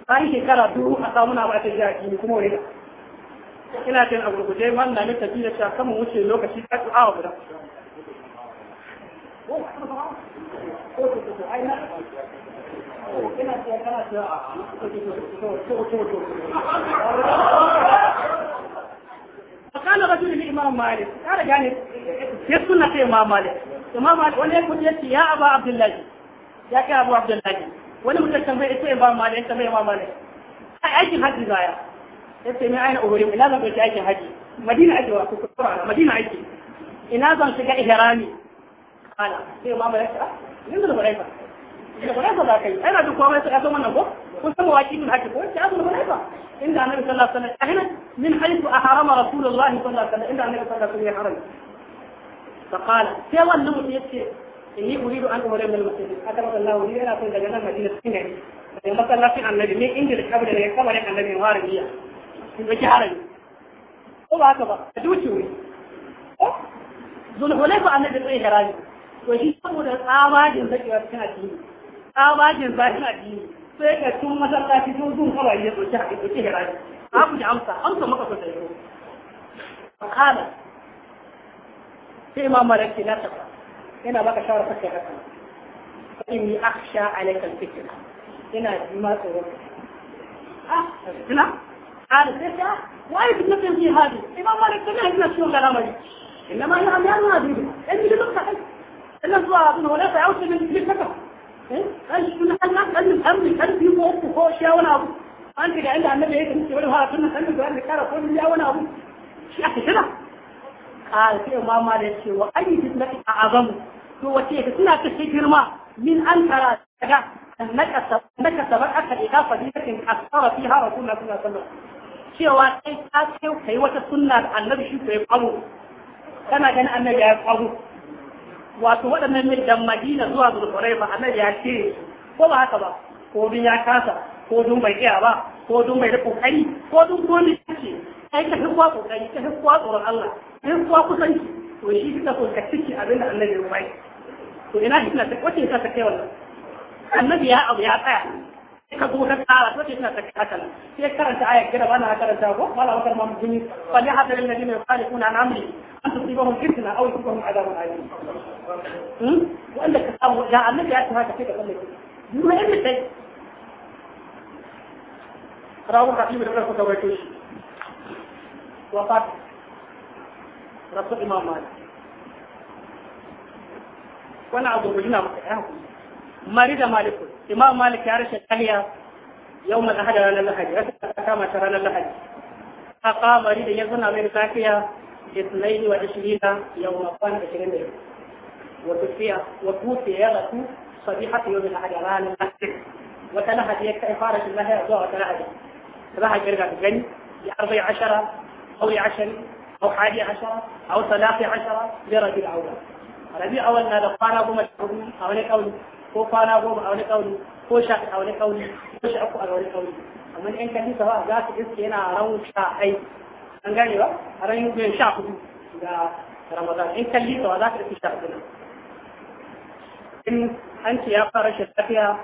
bayan shekara duhu a samu na ba ta jiya addini kuma wani ina cin a gurguje wanda na tafi da shi a wuce lokaci a awa guda na فقال رجل الإمام مالك قال يعني في السنة إمام مالك إمام مالك وانا يقول يا أبا عبد الله يا كي أبو عبد الله وانا متى تنبيه إسو إمام مالك إنت بي إمام مالك أجل هدي زايا إنت من أين أهرم إلا ما بيش أجل هدي مدينة أجل مدينة أجل إنا ظن شقاء إهرامي قال إمام مالك نزل بعيفة من حيث أحرم رسول الله صلى الله عليه وسلم إلا أن يصلى في الحرم فقال سوى النمو يكفي إني أريد أن أمر من المسجد أكرم الله لي أن أكون لجنة مدينة سنعي فإن مثل الله عن النبي من إنجل قبل أن يكبر عن النبي وارد لي في الجهر هو أكبر أدوتي ذو الحليف عن النبي الرئيس راجل وجيت أمر الآواج الذي أتكنا فيه tsabagen zahin addini sai ka tun masallaci sun zun kawai ya tsoci a tsoci hiraji aku ji amsa amsa maka so da yau kala sai imam malik na ta yana baka shawara kake haka inni akhsha alayka alfitna ina ji ma tsoro ah fitna قال سيدنا وايد النبي في هذه إمام مالك كنا هنا شو قال أمري إنما هي عميان ما أدري إني لنقطة إلا الزوار أبنه وليس يعود من الفكرة kan eh? shi na Allah kan nan har kan bi ko ku ko shi wani abu an ga inda annabi ya muke wani ha sunna kan da kara ko ya wani abu shi aka shira قال في إمام مالك وأي فتنة أعظم هو تيك سنة تشكر ما من أن ترى أنك سبقك إلى فضيلة أكثر فيها رسول الله صلى الله عليه وسلم cewa kai ka kai wata sunna da annabi shi ko ya faru kana ganin annabi ya faru wato waɗannan da madina zuwa zulkurai ba annabi ya ce ko ba haka ba ko dun ya kasa ko dun bai iya ba ko dun bai da kokari ko dun ne ce ai ka hikuwa kokari ka hikuwa tsoron Allah ka hikuwa kusanci to shi kika so ka ciki abin da annabi ya bai to ina kina ta wace ta kai wannan annabi ya abu ya tsaya ka zo ka kara to kina ta hakan sai karanta ayat gida ba na karanta ko wala wakar ma mutuni fali hadar alladina yukhalifuna an amri an tusibahum fitna aw yusibahum adabun alim hmm wanda ka samu da annabi ya ta haka sai ka kalle mu ne sai rawu rafi da rafu ka wato shi wafat rasul imam malik wannan abu yana maka yan مريض مالك إمام مالك يا رشد يوم الأحد رانا الأحد كما ترانا الأحد أقام مريض يزن أمريكا فيها اثنين وعشرين يوم أطان عشرين يوم وتوفي وتوفي يغسو صبيحة يوم الأحد رانا الأحد وتنهد يكتئ فارش الله أزوى وتنهد تباها جرقة الجن لأربع عشرة أو عشر أو حادي عشرة أو ثلاثة عشرة لرجل أولى ربيع أول هذا قال أبو مشعور أو ko kwana goma a wani ƙauni, ko sha a wani ƙauni, ko sha uku a wani ƙauni. amma in ka hisa ba za su iske yana ran sha ai an gane ba a ran yin sha hudu ga ramadan in ka hisa ba za ka iske sha hudu in an ce ya fara shi tafiya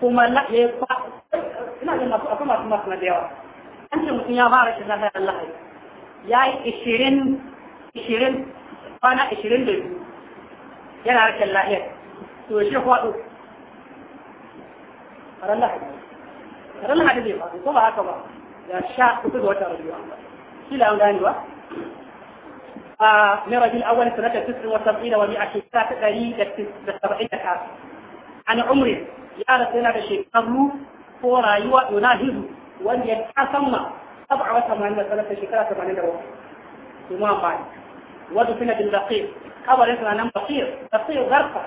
kuma na ya ina da masu akwai masu masu na da yawa an ce mutum ya fara shi lafiya Allah ya yi ishirin ishirin kwana ishirin da biyu yana harshen lahiyar توجهوا له ترى لها ترى لها دليل طبعا طبعا يا شاء وتد وتر دليل سلا وداني وا آه، من رجل أول سنة تسع وسبعين ومئة شتات دليل تسبعين كاس عن عمره يا رسولنا بشيء قبله فورا يوا يناهزه وان يتحسم سبع وثمانين سنة شكرا ثمانين دوا إمام مالك ودفنة الرقيق قبل أن نعلم بصير بصير غرفة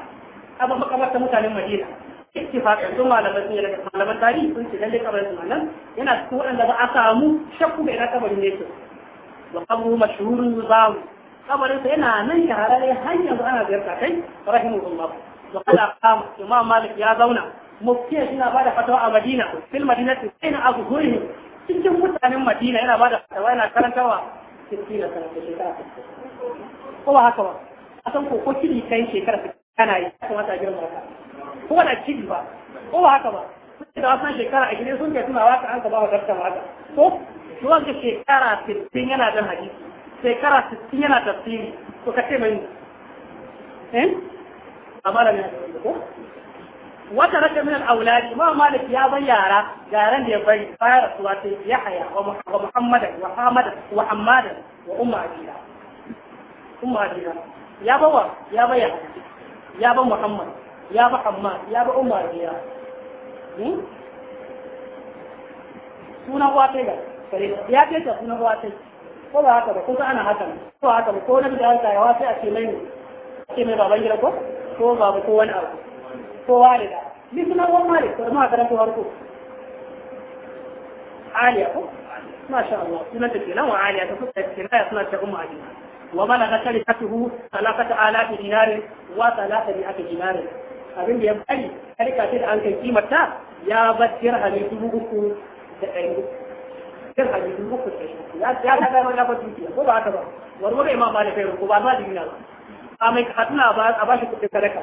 abin makamarta mutanen madina ittifaqan sun malaman sun daga malaman tarihi sun ce lalle kabarin su nan yana cikin waɗanda ba a samu shakku da ina kabarin ne su wa qabru mashhurun yuzamu kabarin sa yana nan ya shahararre hanya da ana ziyarta kai rahimahullah wa kala kama. imam malik ya zauna muftiya yana bada fatawa a madina fil madinati abu azhurihim cikin mutanen madina yana bada fatawa yana karantawa cikin shekara ko ba haka ba a san ko ko kiri kai shekara kana yi a girma ka ko wani ba ko ba haka ba da shekara a gine sun ga tunawa an ka ba wa ko shi wanda shekara 60 yana dan hadisi shekara 60 yana tafsiri ka ce mai eh ne ko wata raka min al ma malik ya bar yara garan da ya bari bayan rasuwa sai haya wa muhammad wa hamad wa hamad wa umma abida umma ya bawa ya bar ya ba muhammad ya ba hamma ya ba umar biya hmm? sunan watai ga ya ce ta sunan watai ko ba haka ba ko ana haka ko haka ba ko na da haka ya watai a ce mai ce mai baban gida ko ko babu ko wani abu ko walida ni sunan wani malik ko ma karanta warko aliya ko masha Allah sunan ta ke kenan wa aliya ta fuskar kenan ya sunan ta umma aliya وبلغ تركته ثلاثة آلاف دينار وثلاثة مئة دينار abin da ya bari karka ce da an kai kimata ya bar dirhami dubu uku da ɗari uku dirhami dubu uku da ɗari ya ta kai mana kwatin kiya ko ba haka ba wani wani imam ba da kai ko ba ma dina ba a mai katuna a ba shi kuɗin karaka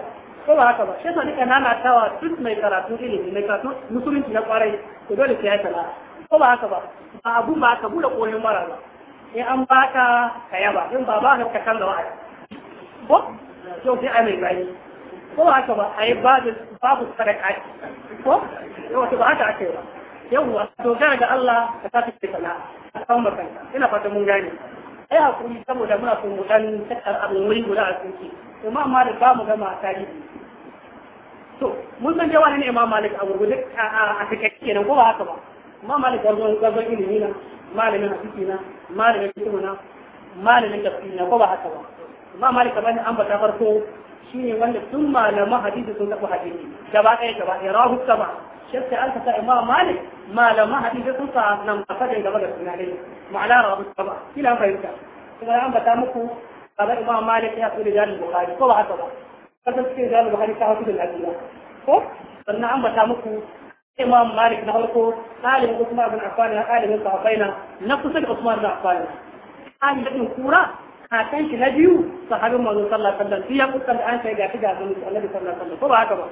ko ba haka ba shi yasa nika nana tawa duk mai karatu ilimi mai karatu musulunci na kwarai to dole sai ya sana'a ko ba haka ba ba abun ba ka bude koyon mara ba in an baka ka yaba in ba ba ka kan da wa'azi ko to sai a mai bai ko haka ba ai babu babu sadaka ko yau to ba haka ake ba yawwa dogara ga Allah ka ta fice sana'a ka kawo makanka ina fata mun gane ai hakuri saboda muna son mutan tattar abin wuri guda a cikin to ma amma da ba mu gama tarihi to mun san ne Imam Malik a gurgurde a a take kenan ko ba haka ba ma malik garzon garzon ilimi na malamin hakiki na malamin fikihu na malamin tafsiri na ko ba haka ba ma malik kamar an bata farko shine wanda tun malaman hadisi sun tafi hadisi gaba ɗaya gaba ɗaya rahu kama shakka an kasa imam malik malaman hadisi sun sa nan ba fadin gaba da sunanai ma'ana rahu sama, kila fahimta kuma an bata muku kamar imam malik ya fi rijalin bukhari ko ba haka ba kasance rijalin bukhari ta hafi da lafiya ko sannan an bata muku إمام مالك نهلكو عالم عثمان بن عفان عالم الصحابين نفس عثمان بن عفان عالم بن كورا هاتان شي نبيو صحابي مولى صلى الله عليه وسلم فيها قلت الآن سيدا في جاهز النبي صلى الله عليه وسلم طبعا هكذا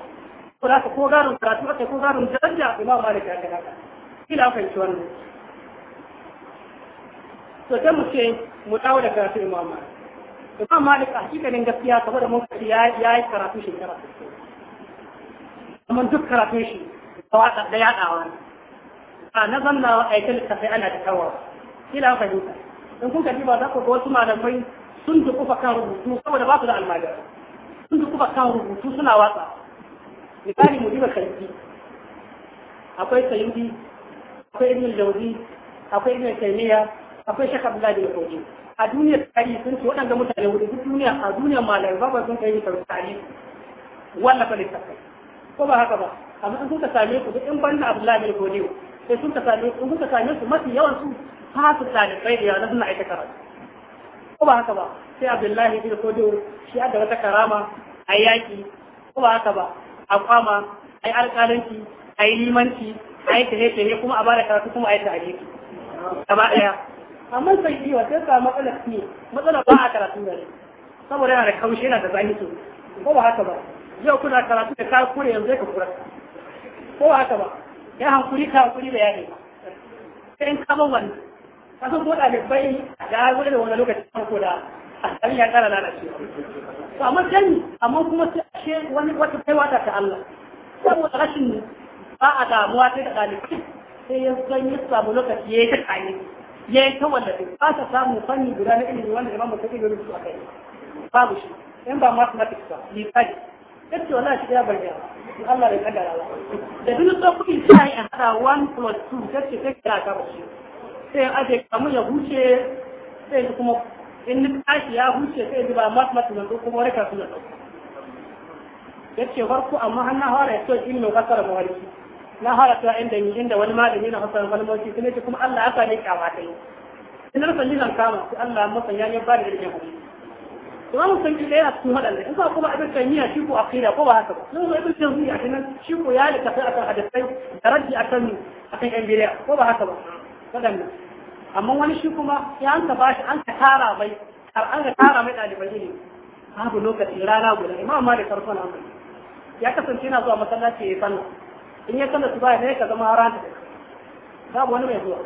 ولا تكون غار كراتو حتى غار مجرجع إمام مالك هكذا إلى أفن شوان فكم شيء متعودة كراتو إمام مالك إمام مالك أحكيك أن ينقف فيها تبدا ممكن يا يا كراتو شي كراتو ومن ذكرت شيء tawatsar da yaɗawa a na zamna wa aikil kafai ana da kawar kila fahimta in kun kaji ba za ku ga wasu malamai sun kufa kan rubutu saboda ba su da almajira sun kufa kan rubutu suna watsa misali mu diba kalbi akwai kalbi akwai ibn jawzi akwai ibn taymiya akwai shekh abdullahi bin fawzi a duniyar tarihi sun ce waɗanda mutane hudu duk duniya a duniyar malamai ba sun kai tarihi wallafa littafai ko ba haka ba amma in kuka same ku in ban na Abdullahi bin Godiyo sai sun ka same in kuka same su mafi yawan su fasu talibai da yana suna aika karatu ko ba haka ba sai Abdullahi bin Godiyo shi aka wata karama a yaki ko ba haka ba a kwama a yi alƙalanci a yi limanci a yi tahe-tahe kuma a ba da karatu kuma a yi tarihi gaba ɗaya amma sai iya sai sa matsalar ne matsalar ba a karatu da ne saboda yana da kaushe yana da zahi ko ba haka ba yau kuna karatu da ka kure yanzu ka kura ko haka ba ya hankuri ka hankuri da yare sai in kama wani. ka san da bai da ya da wani lokaci ko da tsari ya kara lalace to amma gani amma kuma sai ashe wani wata wata ta Allah saboda rashin ba a damuwa da ɗalibai sai ya san ya samu lokaci ya yi ta kayi ya yi ta wallafi ba ta samu fanni guda na ilimi wanda imam mutum ya rubuta a kai babu shi in ba mathematics ba ni kai yadda wala shi ya bayyana in Allah bai kaddara ba da duk tsofaffin sai in hada 1 plus 2 kace sai kira ka bashi sai aje kamun ya huce sai kuma in ni tashi ya huce sai zuba mathematics nan kuma wani kafin ya dauka yace farko amma har na fara yato ilmin kasar mawarki na fara ta inda ni inda wani malami na hasan falmoki sai ce kuma Allah ya sa ne kyamata ni in na ni zan kama sai Allah masa ya ne ba da ilmin hadisi za mu san kila yana cikin waɗanda in ba kuma abin tamiya shi ko akida ko ba haka ba sai mu abin tamiya kenan shi ko ya lika sai akan hadisai da raji akan akan yan bidiya ko ba haka ba waɗannan amma wani shi kuma ya an ka bashi an ka tara mai har an ka tara mai ɗalibai ne babu lokacin rana guda imam malik farkon amma ya kasance yana zuwa masallaci ya sanna in ya sanna su ba ne ka zama ran babu wani mai zuwa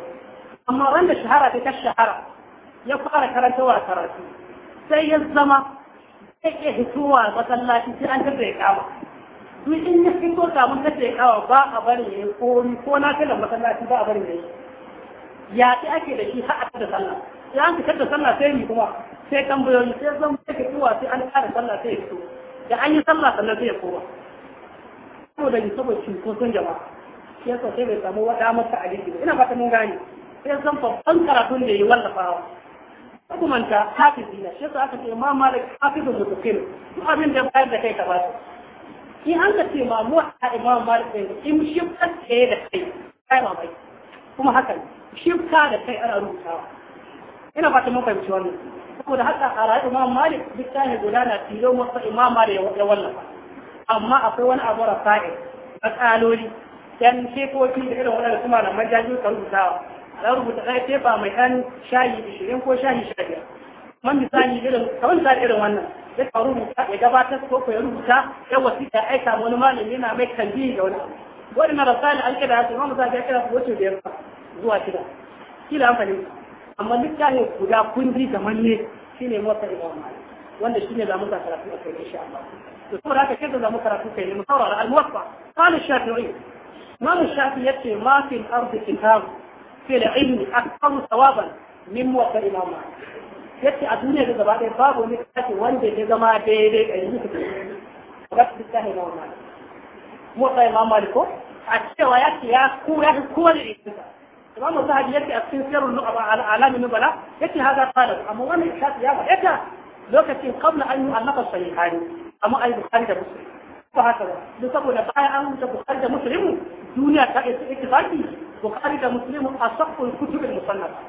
amma ran da shahara ta shahara ya fara karantawa karatu sai ya zama sai ya hitowa masallaci sai an tattare kama duk in ya fito samun tattare kama ba a bari ya yi komi ko na kai da masallaci ba a bari ya yi ya ce ake da shi har a tada sallah sai an fitar da sallah sai ni kuma sai tambayoyi sai zan sai ka tuwa sai an kada sallah sai ya fito da an yi sallah sannan sai ya koma saboda ni saboda cunkoson jama'a ya yasa sai bai samu wata masa a jiki ina fata mun gane sai zan babban karatun da ya yi wallafawa hukumanta hafizi na shi sa aka ce ma malik hafizun mutafil duk abin da bayar da kai ka basu in an ka ce mamu a imam malik ɗin in shi ka tsaye da kai kai mamaki kuma haka ne shi ka da kai ana rubutawa ina fata mun fahimci wannan saboda haka a rayuwar imam malik littafi guda na tilo masa imam malik ya wallafa amma akwai wani abu rafa'i kaloli, yan shekoki da irin waɗanda su malaman jajiyu ka rubutawa za rubuta kayan tefa mai ɗan shayi ishirin ko shayi sha biyar kamar misali irin kamar misali irin wannan ya ka rubuta ya gabatar ko ko ya rubuta ya wasiƙa aika wani malami yana mai kalbi da wani abu wani na rasali an kira su imamu zafi ya kira su wato biyar zuwa shida kila amfani fahimta amma littafin guda kundi gaman ne shine motsa imamu malik wanda shine za mu karatu a kai insha Allah to saboda haka kai za mu karatu kai ne mu saurara al-muwaffa qala shafi'i imamu shafi yace ma fil ardi kitab في العلم أكثر ثوابا من موقع إمام مالك yace a duniya da gaba ɗaya babu wani kashi wanda ya zama daidai a yanzu ka ga su ta hina wannan mu sai imam ko a cewa ya ce ya ku ya ita wani ikinsa imam sahabi yace a cikin sirrul nuqaba al alami nubala yace haka qala amma wannan kashi ya faɗa lokacin kabla an yu'allaqa sahihani amma ai bukhari da muslim ba haka ba duk saboda bayan an ta bukhari da muslim duniya ta ittifaqi bukhari da muslim asaqul kutub al musannafa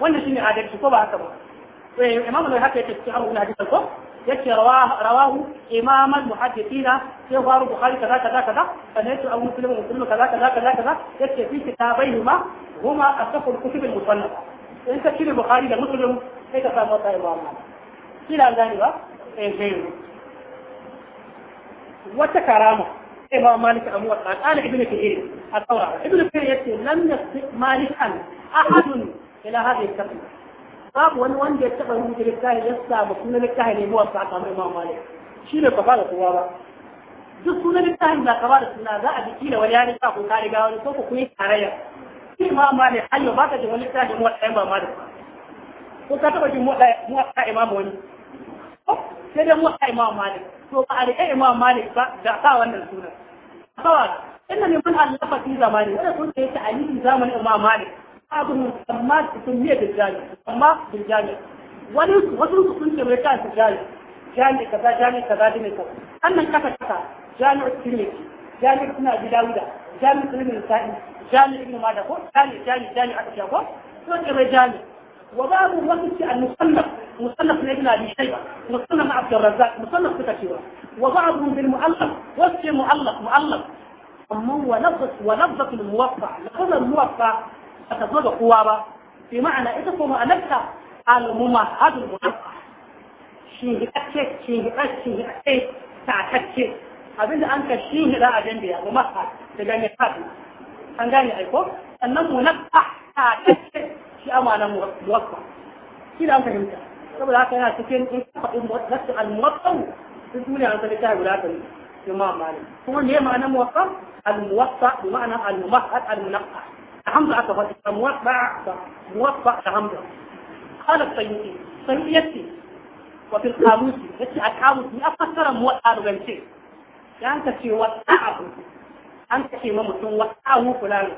wannan shine adalci ko ba haka ba eh imamu ne haka yake cikin abubuwan hadisan ko yake rawahu imaman muhaddithina sai faru bukhari kaza kaza kaza sannan yake abu muslim muslim kaza kaza kaza kaza yake fi kitabaihima huma asaqul kutub al musannafa in ka cire bukhari da muslim sai ka samu sai imamu kila gani ba eh, eh wata karama إمام مالك أبو وطعان قال ابن كثير الثورة ابن كثير يقول لم يصدق مالكا أحد wani wanda ya taɓa rubuta littafi ya samu sunan littafi ne muwan sa shi ne kafa da kowa ba duk sunan littafin da kafa da suna za a bi kila wani yarin sa ko ka riga ko ku yi tarayya shi Imam Malik ba ka ji wani littafi muwan sa Imam ko ka taɓa ji muwan sa Imam wani sai dai muwan sa Imam Malik to ba a riƙe Imam Malik ba da sunan kawai inna ne mun allafa fi zamani wanda sun ce ta alimi zamanin imam malik abun amma sun ne da jami amma da jami wani wasu sun ce mai kan jami jami kaza jami kaza da mai kaza annan kasa kasa jami'u tirmidhi Jami suna abi dawuda jami'u ibn sa'i jami'u ibn majah ko jami jami jami aka ce ko sun ce mai jami wa babu wasu ce al-musannaf musannaf ne ibn abi shayba musannaf abdurrazzaq musannaf suka ce وبعضهم بالمؤلف واسم مؤلف مؤلف هو لفظ ولفظة الموقع لفظ الموقع أتصدق قوارة في معنى إتصم أنبتا الممهد الموقع شيه أكيد شيه أكيد شيه أكيد تعتكي أبدا أنك شيه لا أجنبي الممهد تجاني حاجة تجاني أيكم أنه نفح تعتكي في أمان الموقع كده أنت همتا قبل هكذا سكين إن تفقد الموقع تقولي عن ذلك يا ولاد الإمام مالك هو ليه معنى موقع الموقع بمعنى الممهد المنقع الحمد لله فهو موقع موقع الحمد قال الطيوتي طيوتي وفي القاموس يتي القاموس يفسر موقع الغنشي يعني تشي وطعه أنت شي ممتون وطعه فلان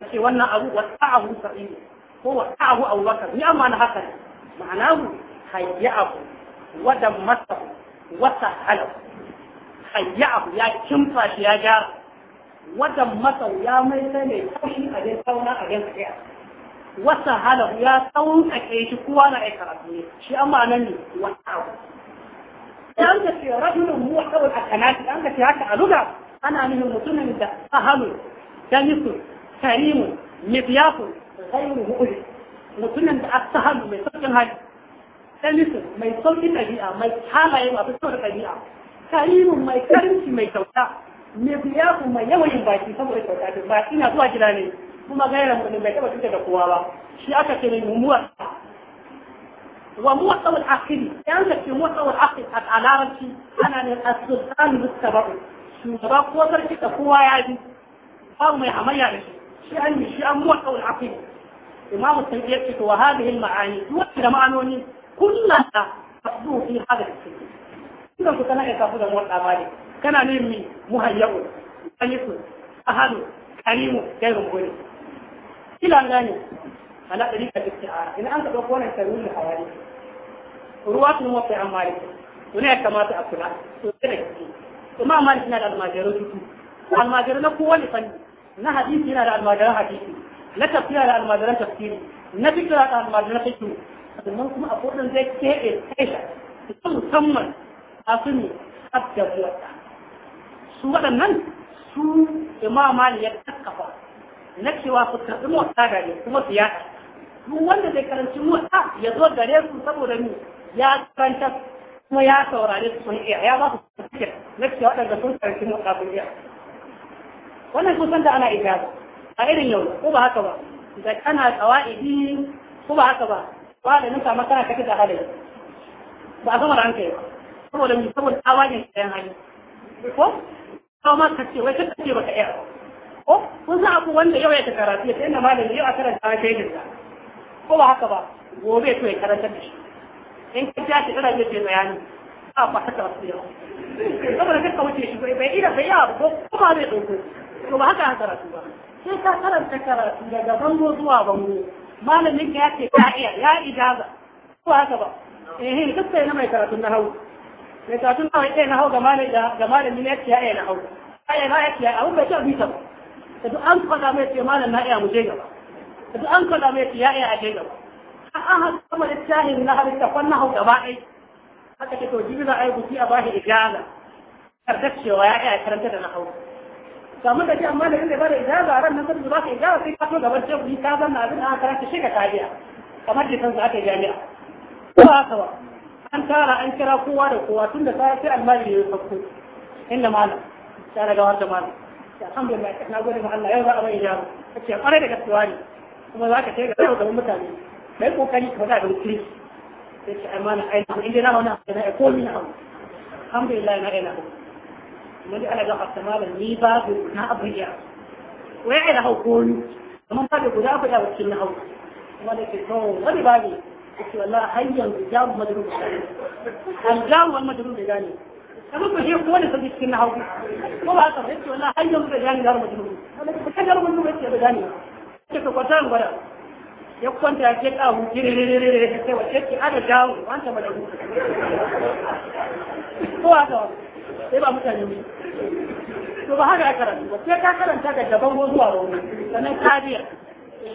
تشي وانا أبو وطعه سعيد هو وطعه أو وكر يا معنى هكذا معناه هيئه ودمته wasa kalau hayya abu ya kimfa shi ya gyara wadan masau ya mai sai mai taushi a jin sauna a jin tsaya wata halahu ya tsawon tsake shi kowa na aika rabu ne shi an ma nan ne wata abu sai an ka ce rajulun muwakawul a kanati an ka ce haka a luga ana nufin mutumin da sahalu danisu karimu mibiyafu ghairu hu'uri mutumin da asahalu mai sauƙin hali ɗalifin mai sauƙi ɗabi'a mai halaye masu kyau da ɗabi'a karimin mai karinci mai kyauta mai biya mai yawan baki saboda kyauta da baki na zuwa gida ne kuma gaira mutum bai taɓa cuta da kowa ba shi aka ce mai mummuwar wa muwatsawar akiri yan da ke muwatsawar akiri a larabci ana ne a sultan mustabaru shugaba ko sarki da kowa ya bi babu mai hamayya da shi shi an yi shi an muwatsawar akiri imamu sun iya ce to wa hadihin ma'ani duk da ma'anoni kullum ta abu fi hada da shi inda ku kana aika da motsa mali kana ne mi muhayyabu alifu ahadu karimu gairun gori kila gane ala dalika istiara ina an ka dauko wannan tarihi hawari ruwa tun mafi an mali to ne kamata a kula to sai da shi kuma mali suna da almajiran tutu almajiran na kowane fanni na hadisi yana da almajiran hadisi na tafsira da almajiran tafsiri na fikira da almajiran fikira sannan kuma akwai wadanda zai keɓe kaisha ta musamman masu ne hadda wata su waɗannan su imama ne ya kakkafa na cewa su karɓi mota gare kuma su yaɗa duk wanda zai karanci mota ya zo gare su saboda ni ya karanta kuma ya saurare su sun iya ya ba su cikin na cewa waɗanda sun karanci mota sun iya wannan kusan da ana ijaza a irin yau ko ba haka ba da kana tsawa'idi ko ba haka ba malamin ka kana kake da hali ba a da hankali ba saboda mu saboda awajin kayan hali ko kawo ma ka ce wai ka ce baka iya ko kun san abu wanda yau ya ta karatu ya tsaye malami yau a karanta ta yi ko ba haka ba gobe to ya karanta da shi in ka ja ta tsara zai bayani a ba ta karatu yau saboda ka wuce shi bai bai ida bai yawa ko kuma zai ɗauko to ba haka an karatu ba sai ka karanta karatu daga bango zuwa bango malamin ya ce ka iya ya ijaza ko haka ba eh duk sai na mai karatun na hau mai karatun na hau na hau ga malamin ga malamin ya ce ya iya na hau ai na ya ce abun bai ce bisa ba da duk an kwada mai ce malam na iya mu je gaba da duk an kwada mai ce ya iya a je gaba an an haka kuma littafin na halitta kwan na hau gaba ɗai haka ce to jibi za a yi buki a bashi ijaza kardar cewa ya iya karanta da na hau kamun da ke amma da inda ba da ijaza ran nan sai ba ka ijaza sai ka to gaban ce ni ka zanna abin an karanta shi ka kariya kamar da kansa aka jami'a ko haka ba an tara an kira kowa da kowa tun da sai sai almajiri ya yi sauko inda malam sai daga warta malam alhamdulillah na gode ma Allah yau za a mai ijaza kace kwarai da gaskiya ne kuma za ka kai ga gaban mutane dai kokari ka da wuri sai ce amana ai inda na wannan sai na komi na alhamdulillah na ina wani ana ga kastama ban ni ba na abin ya wai ai da haukoni kamar ba da guda guda wakil na hau kuma da ke kawo wani ba ne ake wallah har yanzu jawo maduru da gane an jawo wani maduru da gane kamar ko shi ko wani sabi cikin na hau ko ba haka ba yake wallah har yanzu da gane jawo maduru wanda ka kan jawo maduru yake da gane yake ka kwata gwada ya kwanta ya ce kawo jiriririririri sai wace ke ada jawo wanta maduru ko haka sai ba mutane ne to ba haka karanta ba sai ka karanta da daban ko zuwa rauni sannan kariya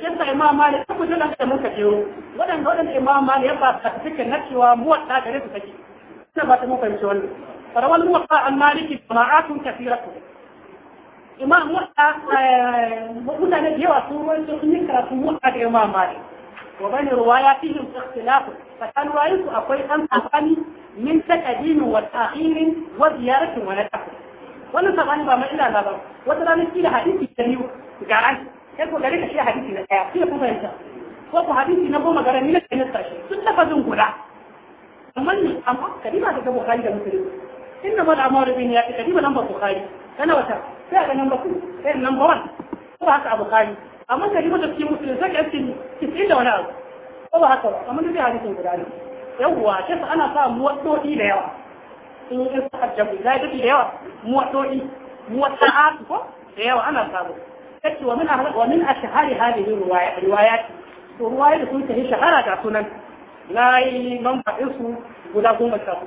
shin da imam malik ku tuna da muka jiro wadanda wadanda imam malik ya ba ta cikin na cewa mu wadda gare su take sai ba ta mu fahimci wannan farawal mu wadda an maliki jama'atun kathiratu imam wadda eh, mutane da yawa sun wani sun yi karatu mu wadda imam malik wa bani riwayatihim ikhtilafu fa kan wayu akwai an tsakani min taqdim wa tairin wa ziyaratin wa nadaf wannan sabani ba mai illa na ba wata rana da hadisi ta biyu ga an sai ko gare ka shi hadisi na daya kila ku fahimta ko ku hadisi na goma gare ni na kai na tashi sun lafazin guda amma ni amma kadiba daga bukhari da muslim inna mal amaru bin yaqi kadiba nan ba bukhari kana wata sai ga nan ba ku sai nan ba wannan ko haka a bukhari amma kadiba da cikin muslim sai ka ce ki da wani abu ko haka amma dai hadisin guda ne yawwa sai ana sa muwaddodi da yawa in in saka jabu zai dubi da yawa muwaddoi muwadda'at ko da yawa ana sabo. kace wa min wa min ashhari hadhihi riwaya riwayat to riwaya da sun tafi shahara ga sunan nayi man faɗin su guda goma sha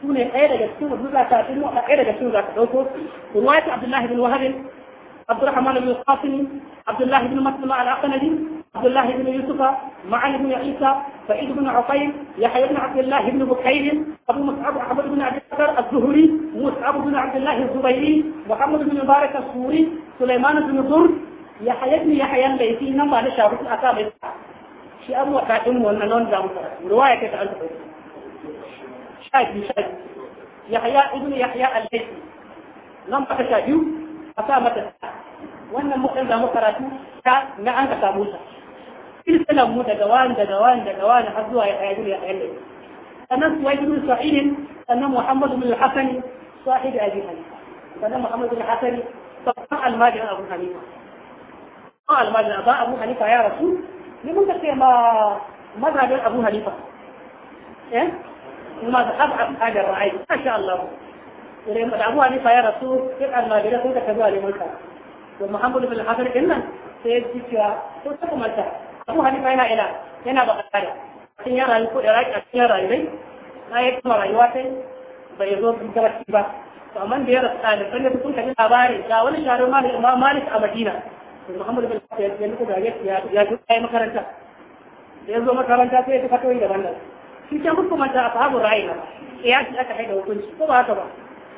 su ne ɗaya daga cikin wanda za ka ɗin wanda ɗaya daga cikin za ka ɗauko riwayat abdullahi bin wahabin abdurrahman bin qasim abdullahi bin maslama al-aqnali Abdullahi الله Yusufa يوسف معن بن سعيد بن عقيل يحيى بن عبد الله بن بكير أبو مصعب أحمد بن عبد القدر الزهري مصعب بن عبد الله الزبيري محمد بن مبارك السوري سليمان بن ضر يحيى بن يحيى الليثي نم بعد شهر أصابع shi an wata ɗin wannan nan da muka ruwaya ta ta'ala shafi shafi yahya ibnu yahya al-laythi nan ba ta shafi a sa mata wannan mutan da muka karatu ta na an ka samu ta كل سنة موتة دوان دوان دوان حدوا يقول يا حلو أنا سويت من صحيح أن محمد بن الحسن صاحب أبي حنيفة أن محمد بن الحسن طبعا المال أبو حنيفة قال ما أضاء أبو حنيفة يا رسول لمن تقي ما ما ذا أبو حنيفة إيه وما ذهب هذا الرعي ما شاء الله ولما أبو حنيفة يا رسول كيف إيه أن ما ذا كنت كذا لملكه ومحمد بن الحسن إنما سيدك يا تقوم الشهر abu hanifa yana ina yana ba kare cikin yana rayu ko iraki a cikin rayuwai na ya kuma rayuwa sai bai zo sun gabaci ba to amma da ya rasu ɗaliban da sun kaji labari ga wani shahararren malik imam malik a madina to muhammadu bin ya ya ya ɗaya makaranta da ya zo makaranta sai ya tafi kawai daban nan shi can hukumanta a sahabu ra'ayi na ya shi aka haida hukunci ko ba haka ba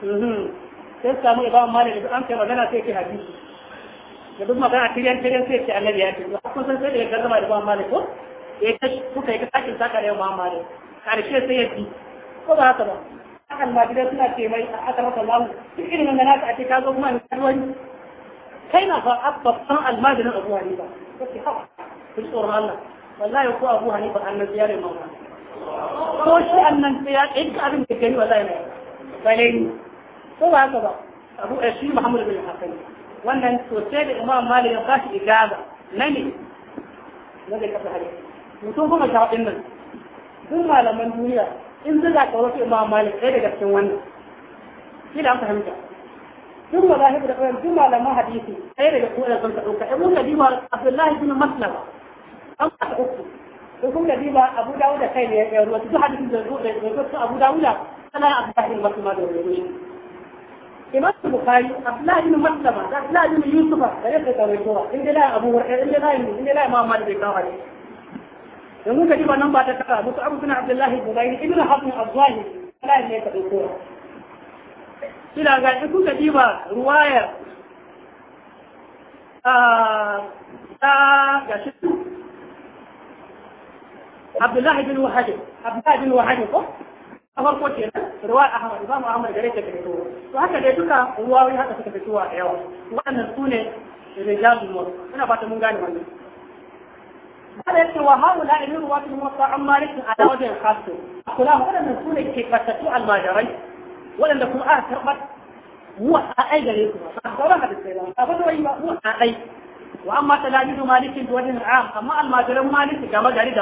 mhm. sai su samu imam malik an kai magana sai ke hadisi da duk magana kiryan kiryan sai ce annabi ya ce kun san sai da garzama da Imam Malik ko ya ta kuka yi sakin saka da Imam Malik karshe sai ya ci ko ba haka ba hakan ma gidan suna ce mai a aka masa lahu duk irin wannan naka a ce ka zo kuma ni karwani kai na fa babban almajirin Abu Hanifa kace ha ku tsoron Allah wallahi ko Abu Hanifa annabi ya ne mawa ko shi annan sai ya ɗin abin da gani wallahi ne balai ko ba haka ba Abu Ashir eh, Muhammad bin Hassan wannan sosai da imam malik ya ba shi ijaza na ne na zai kafa hadisi mutum kuma shaɗin nan duk malaman duniya in zai zaɓa wasu imam malik ɗaya daga cikin wannan shi da an fahimta duk mazahibu da ƙwayar duk malaman hadisi ɗaya daga cikin wannan sun ka ɗauka in muka diba abdullahi bin maslama an ka uku in kun ka diba abu dawuda kai ne ya ruwa duk hadisin da zo da zo abu dawuda ana abdullahi bin maslama da ruwa imam bukhari abdullahi ibn maslama da abdullahi ibn yusuf da yake karantowa in dai abu hurairah in dai in dai imam malik bai kawo yanzu ka ji ba nan ba ta kara musu abu suna abdullahi bukhari ibn hasan azwahi Allah ne ka dauko kuka ji ruwaya ta ga shi Abdullahi bin Wahab Abdullahi bin Wahab ko a farko a nan ruwan ahmad ba a ahmad gare ta ke to to haka duka suka da yawa wannan sune rijalul ina mun gane wa haula da yin sune ke fatatu almajarai waɗanda kuma a tabbata mu a ai gare su ba sauran hadisi ba ba wai ba a ai wa amma talabidu malikin gari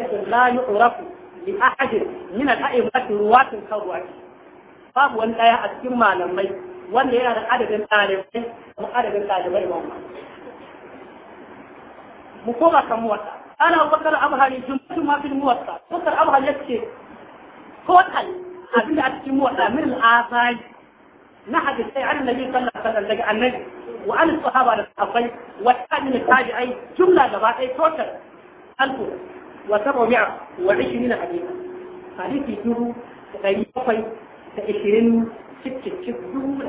لا يعرف لأحد من الأئمة رواة الخوارج babu wani ɗaya a cikin malamai wanda yana da adadin ɗalibai kuma adadin ɗalibai ba mu koma kan muwatta ana bakar abhari jumlatu ma fil muwatta bakar abhari yace total abin da a cikin muwatta min al asai na hadisai an nabi sallallahu alaihi daga annabi wa an sahaba da sahabbai wa tabi'in tabi'ai jumla gaba ɗaya total alfu وسبعمائة وعشرين حديثا حديثي جرو غير بقي تأشرين ست ست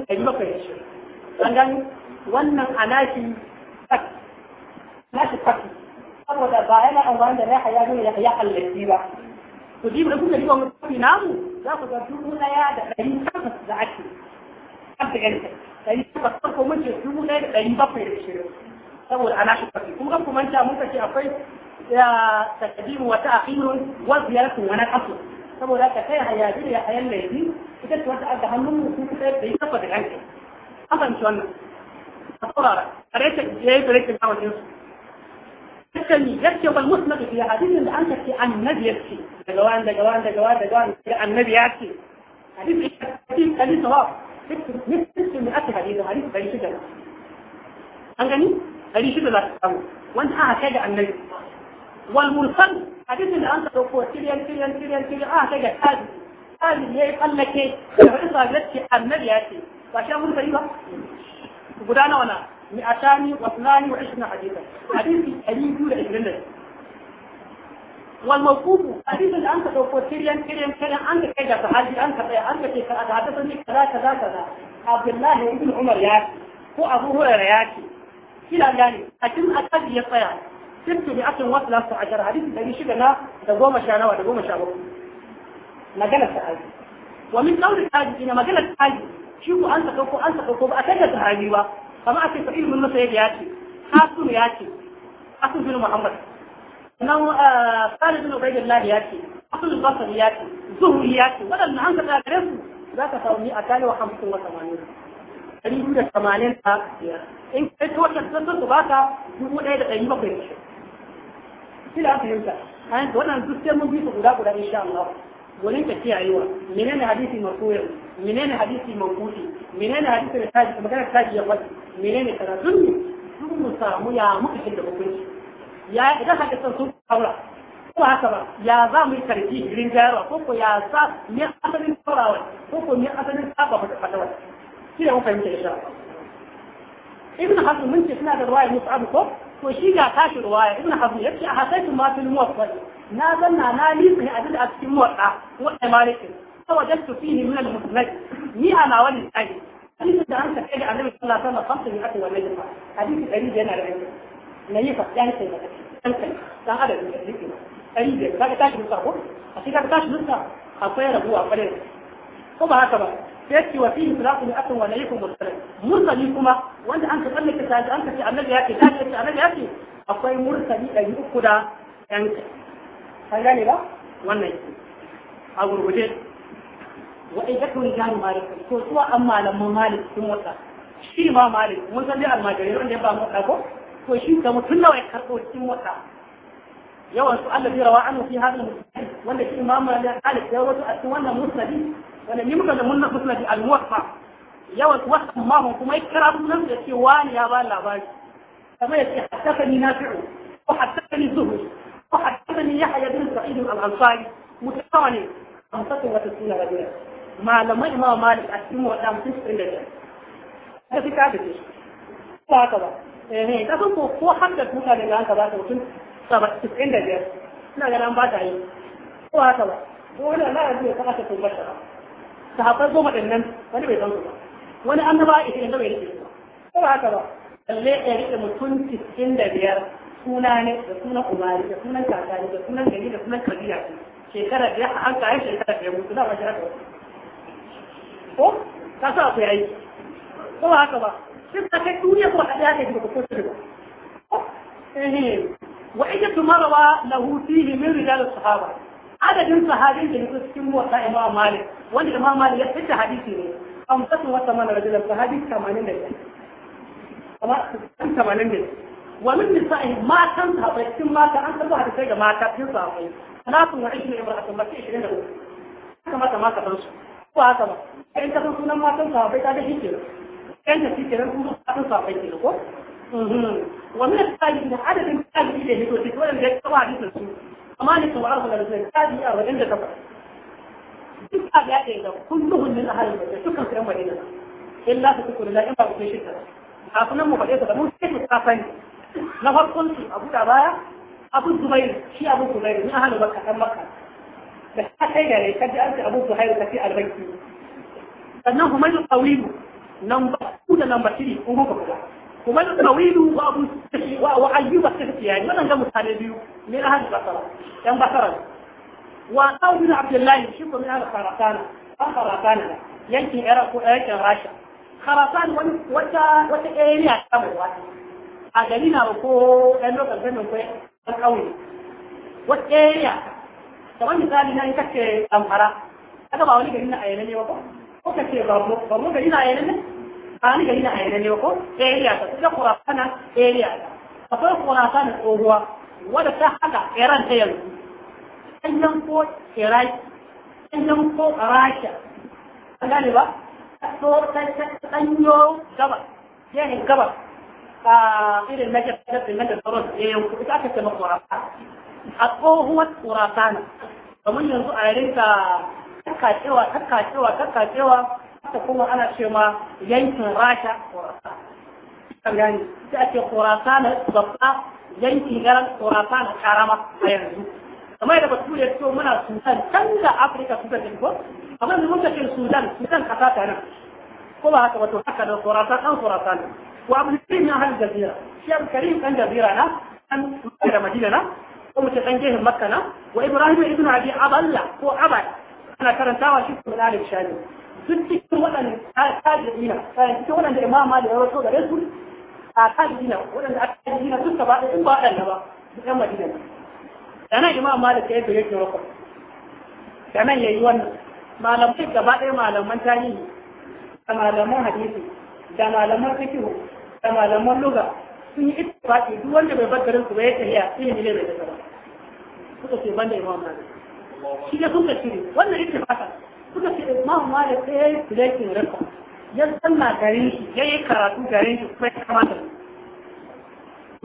غير بقي عشرين sannan wannan anashi nashi fafi saboda ba yana amfani da raha ya zo ya ya ba ku ji da kuka riba mutum namu za ku ga dubu daya da ɗari da ake mun ce dubu daya da ɗari bakwai da saboda anashi shi, kuma kan ku manta ce akwai يا تكذيب وتأخير وزيارته ونحصه طب ولك كي هيا بير يا حيال ليدي كتبت وانت أدهنم وكتبت بيه تفضل عنك أما إن شو أنا أطور أرى أريت جايب ريت الله ونيوس كتني يكتب المسلم في حديث اللي أنت في عن النبي يكتب دجوان دجوان دجوان دجوان عن النبي يكتب حديث كتب حديث هو كتب مثل مئات حديث حديث بريش جنة أنجني بريش جنة وانت أعكاد عن النبي والمرسل حديث اللي أنت لو قوة سيريان سيريان سيريان سيريان آه قال قال لي ايه قال لك ايه فإذا جدت النبي يأتي وعشان مرسل إيوه قدانا وانا مئتان واثنان وعشرين حديثا حديث حديث يولى إجرنا والموقوف حديث اللي أنت لو قوة سيريان سيريان سيريان أنت تجد هذه أنت أنت كيف أتحدثني كذا كذا كذا عبد الله بن عمر يأتي هو أبو هريرة يأتي كلا يعني أتم أكد يطيعني Sintu bi atin wasu lasu a jara hadisi dari shida na da goma sha nawa da goma sha bakwai magana ta aji wa min kauli aji ina maganar ta aji shi ko an saka ko an saka ko ba a tanda ta hali ba kama a ce sa ilimin masa yadda ya ce hasun ya ce hasun bin muhammad nan eh, khalid bin lahi ya ce hasun basar ya ce zuhu ya ce waɗannan an ka gare su za ka samu a tali wa hamsin wa sama'nin. ɗari biyu da tamanin da biyar in kai tuwa ta sun su baka dubu ɗaya da ɗari bakwai da shi kila an fahimta an wannan duk sai mun bi su guda guda insha Allah wurin ka wa menene hadisi marfu'i menene hadisi manquti menene hadisi da taji magana taji ya faɗi menene karatu ne sun mu samu ya muka shi da hukunci ya idan haka san sun kaura ko haka ba ya za mu yi karfi girin jayarwa ko ko ya sa ne asalin kaurawa ko ko ne asalin saba fata fatawa shi ne mun fahimta insha Allah ibn hasan mun ce suna da ruwaya musu abu ko to shi ga tashi ruwaya ibn hazm ya ce ha sai tun ma tun muwaffal na zanna na lisa ne a duk a cikin muwaffa wannan malikin ta wajen tufi ne min al-muslim ni ana wani tsari hadisi da an ka kai da annabi sallallahu alaihi wasallam kamta ne aka wani jama'a hadisi dari da yana da aiki na yi fa dan sai da kai dan adam ne dai kai da ka tashi nusa ko a cikin ka tashi nusa akwai rabuwa kwarai ko ba haka ba sai ce wa fihi firaqun wa mursalin mursali kuma wanda an sai an annabi ya ce ce annabi ya ce akwai mursali da uku da yan kan gane ba wannan a gurguje wa idatun jani malik Ko kuma an malaman malik sun wata shi ma malik mun san dai almajirai wanda ya ba mu ko to shi ga mutum nawa ya karɓo cikin wata yawan su Allah zai rawa anhu fi hadal musnad wanda shi imam malik ya rawato a cikin wannan musnadi wanda ni muka da munna kusna da almuwafa yawan wasan mahon kuma ya kira sunan da ce wani ya ba labari kamar ya ce ni nafi'u wa hatta ko haddafani zuhri ko ni yahya bin sa'id al-ansari mutawa ne hamsatu wa tisuna rajula malamai imam malik a cikin wadda mutum cikin da ta fi ta fice ba haka ba eh ta sun ko ko hadda tuka daga ka ba ta ta ba mutum na ga nan ba ta yi ko haka ba ko wannan na yanzu ta kasa tun bashara sahabbai goma ɗin nan wani bai zama wani annaba a ishirin da bai rike ba ba haka ba lalle ya rike mutum cikin da biyar suna ne da sunan umari da sunan kakari da sunan gari da sunan kabiya shekara biyar a an kayan shekara biyar mutu da mashi haka ko ka sa akwai aiki ko ba haka ba sai ka kai duniya kuma ka ɗaya ne ko kuma ba wa ijatu marawa lahu fihi min rijal sahaba adadin sahabin da nufi cikin wata imam malik wanda imam malik ya fita hadisi ne an fasin wata mana rajula sahabi 85 amma 85 wani nisa'i matan sahabai cikin mata an sabo hadisai ga mata cikin sahabai talatin wa ishirin imra'atun ba sai 23 haka mata ma ka san su ko haka ba kai ka san sunan matan sahabai ka ga shi kenan kai da shi kenan sunan matan sahabai kenan ko mhm. wannan sahabi da adadin sahabi da hito cikin wanda ya taba hadisin su مالك وعرف الألسنة هذه أربعين تبع duk a ya ɗaya da min ahalin da dukkan su ‘yan madina illa su tukuri la in ba ku shi mu faɗe su da mun sai mu kafan na farkon su abu baya abu zubairu shi abu zubairu min ahalin makka ɗan makka da ta kai gare ka ji an sannan da kuma da tsawilu ba abu wa wa ayyuba sirtiyani wannan ga mutane biyu ne ahad basara yan basara wa tawbin abdullahi shi kuma yana karatana an karatana yankin iraq ko yankin rasha karatan wani wata wata area ta mai wata a gari na ko ɗan lokacin ganin ko a ƙauye wata area kamar misali na in kace zamfara kaga ba wani gari na ayyana ne ba ko kace ba mu gari na ayyana ne an gari na ayyana ne ko area ta kuka kurafana area ta akwai kurafana tsohuwa wadda ta haka iran ta yanzu canjan ko iraki canjan ko rasha an gane ba so ta tsanyo gabas yanin gabas a irin na jafi da na da tsaron da ya yanku ita aka ce ma kurafana a tsohuwar kurafana domin yanzu a yarinka kakkacewa kakkacewa kakkacewa haka kuma ana ce ma yankin rasha kan gani sai ake na babba yankin yaran garan khurasan karama a yanzu kamar da bature to muna sudan can da afirka sudan da ko amma mun ka ce sudan sudan kasa ta nan ko ba haka wato haka da khurasan an ne. wa abu karim ya hal jazira shi abu karim kan jazira na kan da madina na ko mu ce kan gehen makka na wa ibrahim Ibn abi aballa ko abad ana karantawa shi kuma alim shani duk cikin waɗanda tajirina eh, cikin waɗanda imama da ya rato da rasu a tajirina waɗanda a tajirina duk ba ɗaya in ba waɗanda ba duk ɗan madina ne da nan imam malik ya yi yake rokon da nan ya yi wannan malamai gaba ɗaya malaman tarihi da malaman hadisi da malaman fikihu da malaman luga sun yi ita ittifaqi duk wanda bai bar garin su ba ya tafiya ilimi ne bai ta saba. suka ce banda imam malik shi ne sun ka shiri wannan ittifaqan suka ce Imam Malik sai ya yi kulekin rasa ya sanna garin shi yi karatu garin shi kuma ya kamata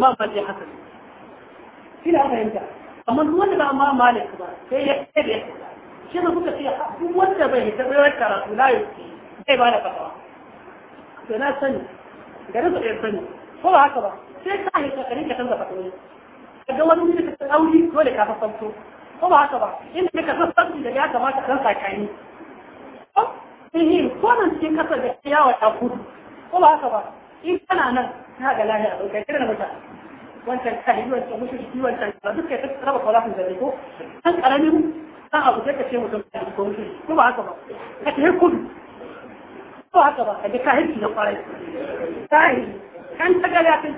Imam Malik haka Ina fahimta amma duk wanda ba ma Malik ba sai ya tsere shi ne suka ce duk wanda bai tabbai wani karatu na yi zai ba da fatawa to na sani garin su ɗaya sani ko ba haka ba sai ka yi garin ka canza fatawa kaga wani mutum ka tsauri dole ka fasanto ko ba haka ba inda ka san sarki da ya kamata kan sakani ihi oh, ko eh, nan cikin kasa da yawa ta kudu ko ba haka ba in kana nan na ga lahiya a ɗauka kira na mutane wancan kahiri wancan mushirki wancan ba duka ya raba kwalafin da ko ɗan ƙaramin ɗan abu sai ka ce mutum kahiri ko mushirki ko ba haka ba ka ce kudu ko haka ba ka ji kahirci na ƙwarai kahiri kan ta gala kai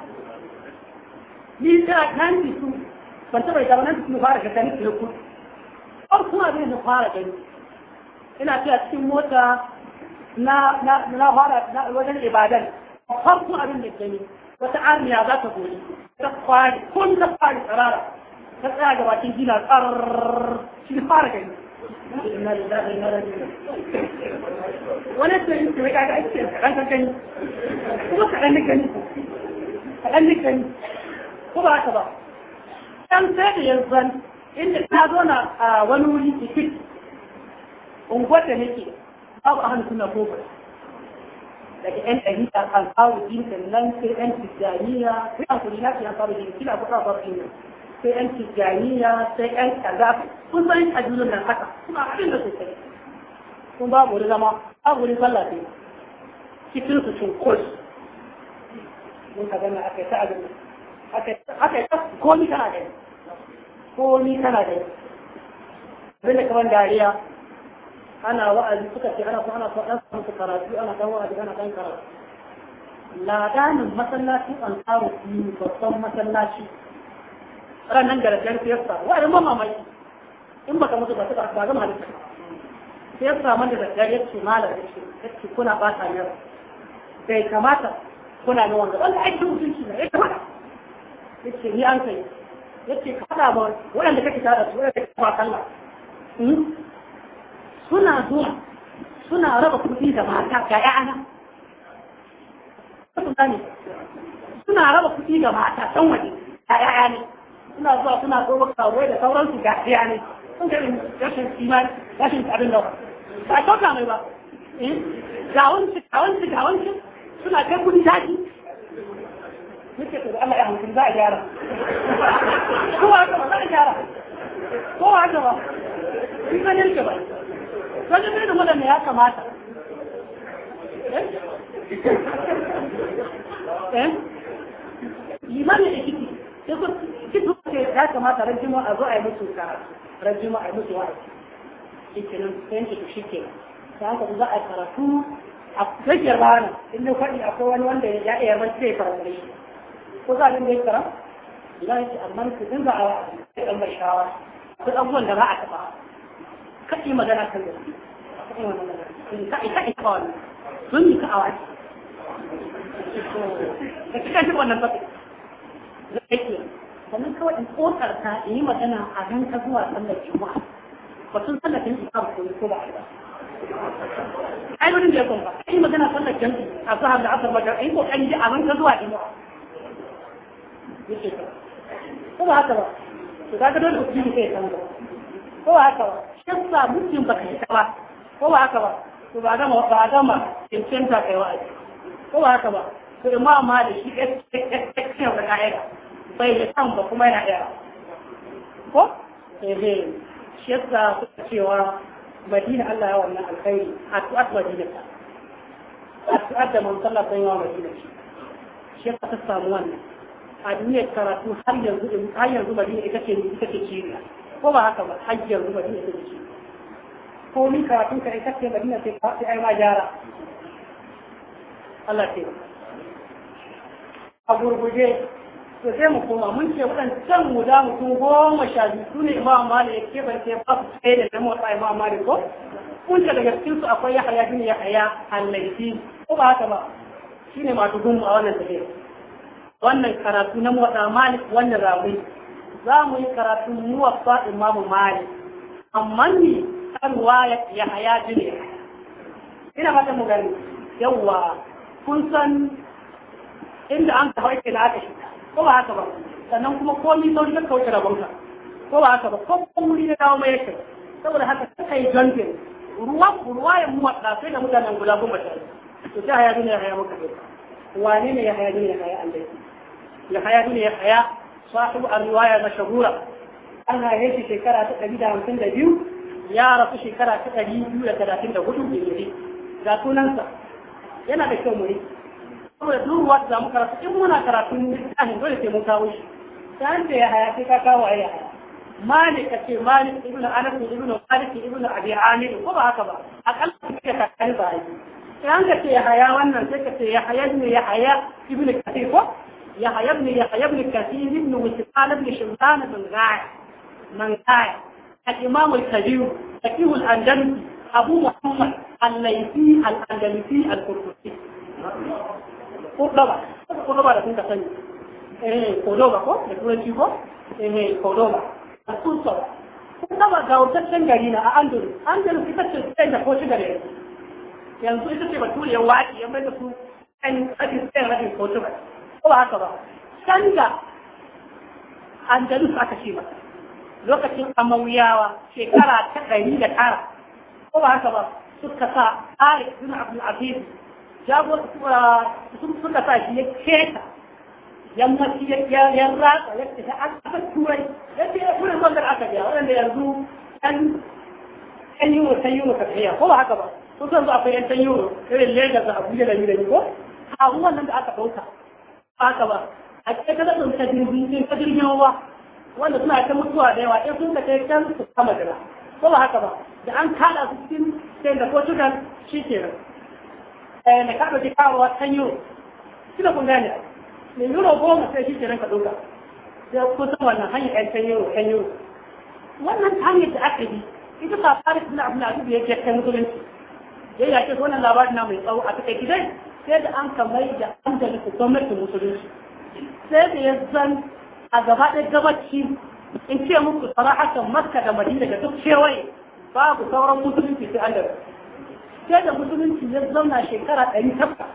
ni ta kan ji su ban taɓa ita ba nan su fara ka gani ke kudu ko kuma zai fara gani ina ce a cikin mota na na na fara wajen ibadan farko abin da ke wata armiya za ta goyi ta kwari kun ta kwari tsarara ta tsaya ga bakin gina tsarar shi fara gani wani tsarin ce wai kaga ake kaɗan ka gani kuma kaɗan ni gani kaɗan ni gani ko ba haka ba ɗan sai da yanzu inda ta zo na wani wuri ikiti unguwar da nake babu ahalin suna gobe daga yan ɗari da kan kawo jinkin nan sai yan tijjaniya sai an kuri na fiye kawo jinkin kila kuɗa ba su sai yan tijjaniya sai yan kaza kun san a duniyar nan haka suna haɗin da sosai kun babu wani zama babu wani sallah sai cikin su cin kos mun ka gana aka yi ta azumi aka yi ta komi kana gani komi kana gani abinda kamar dariya ana wa'azi suka ce ana so ana so dan su karatu ana kan wa'azi ana kan karatu ladanin masallacin an tsaro su babban masallaci ranar da rajiyar siyasa wa'azi ma mamaki in baka mutu ba suka ba gama halitta siyasa man da rajiyar ya ce malar ya kuna ba ta yau bai kamata kuna yi wanda wanda ake mutunci na ya kamata ya ni an kai Yake kada ba haɗa ma waɗanda kake tara su waɗanda kake kwa kalla hmm? suna zuwa suna raba kuɗi da mata ga yana suna raba kuɗi ga mata ɗan wani ga ƴaƴa suna zuwa suna ɗora karuwai da sauransu ga ƴaƴa ne sun ga rashin imani rashin abin da ba a kyauta mai ba eh, ga wanci ga wanci ga wanci suna kai kuɗi daji nake to da Allah ya hankali za a gyara kowa haka ba za a gyara kowa haka ba in ganin ka ba wani irin waɗanda ya kamata limanin ikiti ya so kitu ce ya kamata ran juma'a a zo a yi musu karatu ran juma'a a yi musu wa'azi shi ke nan sai yanke shi ke ta haka za a yi karatu a rage rana in na faɗi akwai wani wanda ya iya mace ya farfare shi ko za a dinga yi karam ila yake amma ku dinga a wa'azi sai ɗan mai shawara akwai abubuwan da ba a taɓa kaɗi magana kan da kaɗi kaɗi kawai sun yi ka'awa da kika ji wannan tafi zai ke sannan kawai in tsotsar ta in yi magana a nan ka zuwa sallar juma'a batun sallar jami'i ba ko ko ba ai wurin da ya kuma yi magana sallar jami'i a zahar da asar ba in ko kan ji a nan ka zuwa juma'a yake ko ba haka ba to kaga dole ku ji kai san ko ba haka ba kissa mutum baka yi ba ko ba haka ba to ba gama ba gama cancanta kai wa'azi ko ba haka ba to ma da shi kacce ba ka aika bai da san ba kuma yana aika ko eh, eh. shi yasa suka cewa madina Allah ya wannan alkhairi a addu'at madina ta a da man sallah sai yawa madina shi shi ta samu wannan a duniyar karatu har yanzu har yanzu madina ita ce ita ce cibiyar ko ba haka ba hajjar zuwa ne ta ce ko mi karatun ka ai kake madina sai ka sai ai ma gyara Allah ke a gurguje to sai mu koma mun ce waɗancan guda tun goma sha biyu su ne imam malik ya kebance ba su tsaye da zama wata imam malik ko mun ce daga cikin su akwai ya haya ya haya halaiti ko ba haka ba shi ne tudun gumu a wannan tafiyar wannan karatu na mu motsa malik wannan rawi za mu yi karatun muwaffa imamu Mali. amma ni kan waya ya haya jini ina fata mu gani yawa kun san inda an ka ke na aka shiga ko ba haka ba sannan kuma ni sauri ka kauce rabonka ko ba haka ba ko kuma na dawo mai yake saboda haka suka yi jantin ruwa ruwa ya muwadda sai da mutanen guda kuma sha to sai haya ya haya muka wane ne ya haya duniya haya allai ya haya ya haya صاحب الرواية مشهورة أنا هيك شكرا تقريبا همسن دبيو يا رب شكرا تقريبا تلاتين دبوتو بيجي ذاتو ننسى yana da kyau mu yi saboda duk wata za mu karatu in muna karatun littafin dole sai mun kawo shi ta da ya haya sai ka kawo a malik ka malik ibnu anas ibnu malik ibnu abi amir ko ba haka ba akalla kake ka kai ba yi sai an ya haya wannan sai ka ce ya haya ne ya haya ibnu kathir ko يا حيبن يا حيبن كثير من وسبحان ابن شمسان من غاع من غاع الإمام الكبير فكيه الأندلسي أبو محمد الليثي الأندلسي القرطبي قرطبة قرطبة لا تنسى ثاني قرطبة كو نقول إيه، شو يعني كو يعني قرطبة السلطة قرطبة جاوبت شنجرينا أندل أندل كيف تشتري كو ba haka ba da andalus aka ce ba lokacin amawiyawa shekara ta ɗari da tara ko ba haka ba suka sa ari ibn abdul aziz jagor uh, sun suka sa shi ya keta yammaci ya ya ratsa ya tafi an aka turai ya ce ya kuma bangar aka biya waɗanda yanzu ɗan ɗan euro ɗan euro ka ko ba haka ba sun san akwai ɗan euro irin lagos da abuja da ni da ni ko a wannan da aka ɗauka haka ba a cikin da sun ta jirgin ta jirgin ruwa wanda suna ta mutuwa da yawa in sun ka kai can su kama jira ko ba haka ba da an kada su cikin sai da Portugal shi ke nan eh na kada ki kawo ta shi kina kun gane ne euro goma sai shi ke nan ka doka da kusan wannan hanyar ɗan can euro can euro wannan hanyar da aka yi ita fara suna abin da yake kai musulunci ya yake wannan labarin na mai tsawo a takaici dai sai da an ka mai da an da nufi gwamnatin musulunci sai da ya zan a gaba ɗaya gabaci in ce muku tsara hakan makka da madina da duk kewaye babu sauran musulunci sai an da sai da musulunci ya zauna shekara ɗari takwas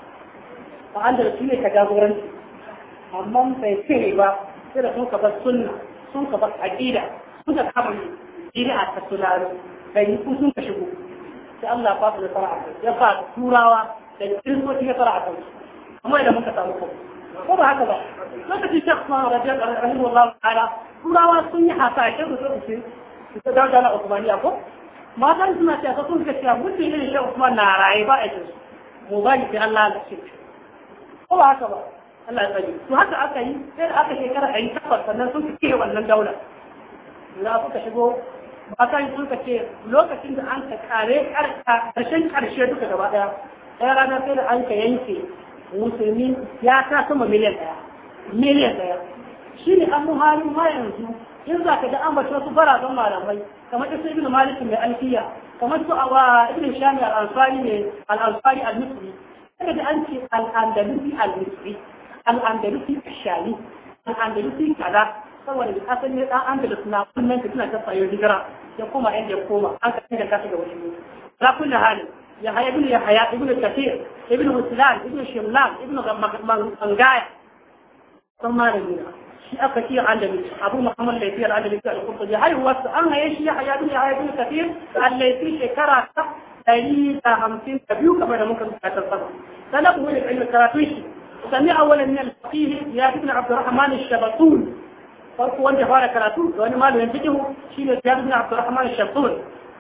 ba an da su ne ka jagoranci amma bai sai ba sai da sun ka bar sunna sun ka bar aƙida sun ka kama bid'a ta sunaro bai yi sun ka shigo sai Allah ba su da fara ya ba turawa da kiristoci ya fara a kansu amma idan muka samu ko ba haka ba shek ma turawa sun yi da su su ta na ko matan suna ta sun gaskiya mutum shek usman na raye ba a jinsu mu ba ni Allah da ko ba haka ba Allah ya haka aka yi sai da aka shekara takwas sannan sun wannan daula za shigo matan sun ce lokacin da an ka kare karshen karshe duka gaba daya ɗaya rana sai da an ka yanke musulmi ya ta sama miliyan ɗaya miliyan ɗaya shi ne an muhalin ma yanzu in za ka ga an bace wasu barazan malamai kamar isa ibn malik mai alfiya kamar su awa ibn shami al-ansari ne al-ansari al-misri kada da an ce al-andalusi al-misri al-andalusi shami al-andalusi kaza saboda da kasan ne dan andalus na kullun tana ta tsayo hijira ya koma inda ya koma an ka da kasa ga wani za kullu halin يحيى بن يحيى ابن كثير ابن وسلان ابن شملان ابن منقايا ثم رجينا شيء كثير عندني أبو محمد ليثي عندني في القرطبي هل هو أنا إيش يحيى بن يحيى بن كثير الليثي شكرا دليل خمسين تبيو كما ممكن تتصور سنبه العلم الكراتوشي سمع أولا من الفقيه يا ابن عبد الرحمن الشبطون farko wanda fara karatu da wani malamin fikihu shine Ziyad ibn Abdurrahman Shamsun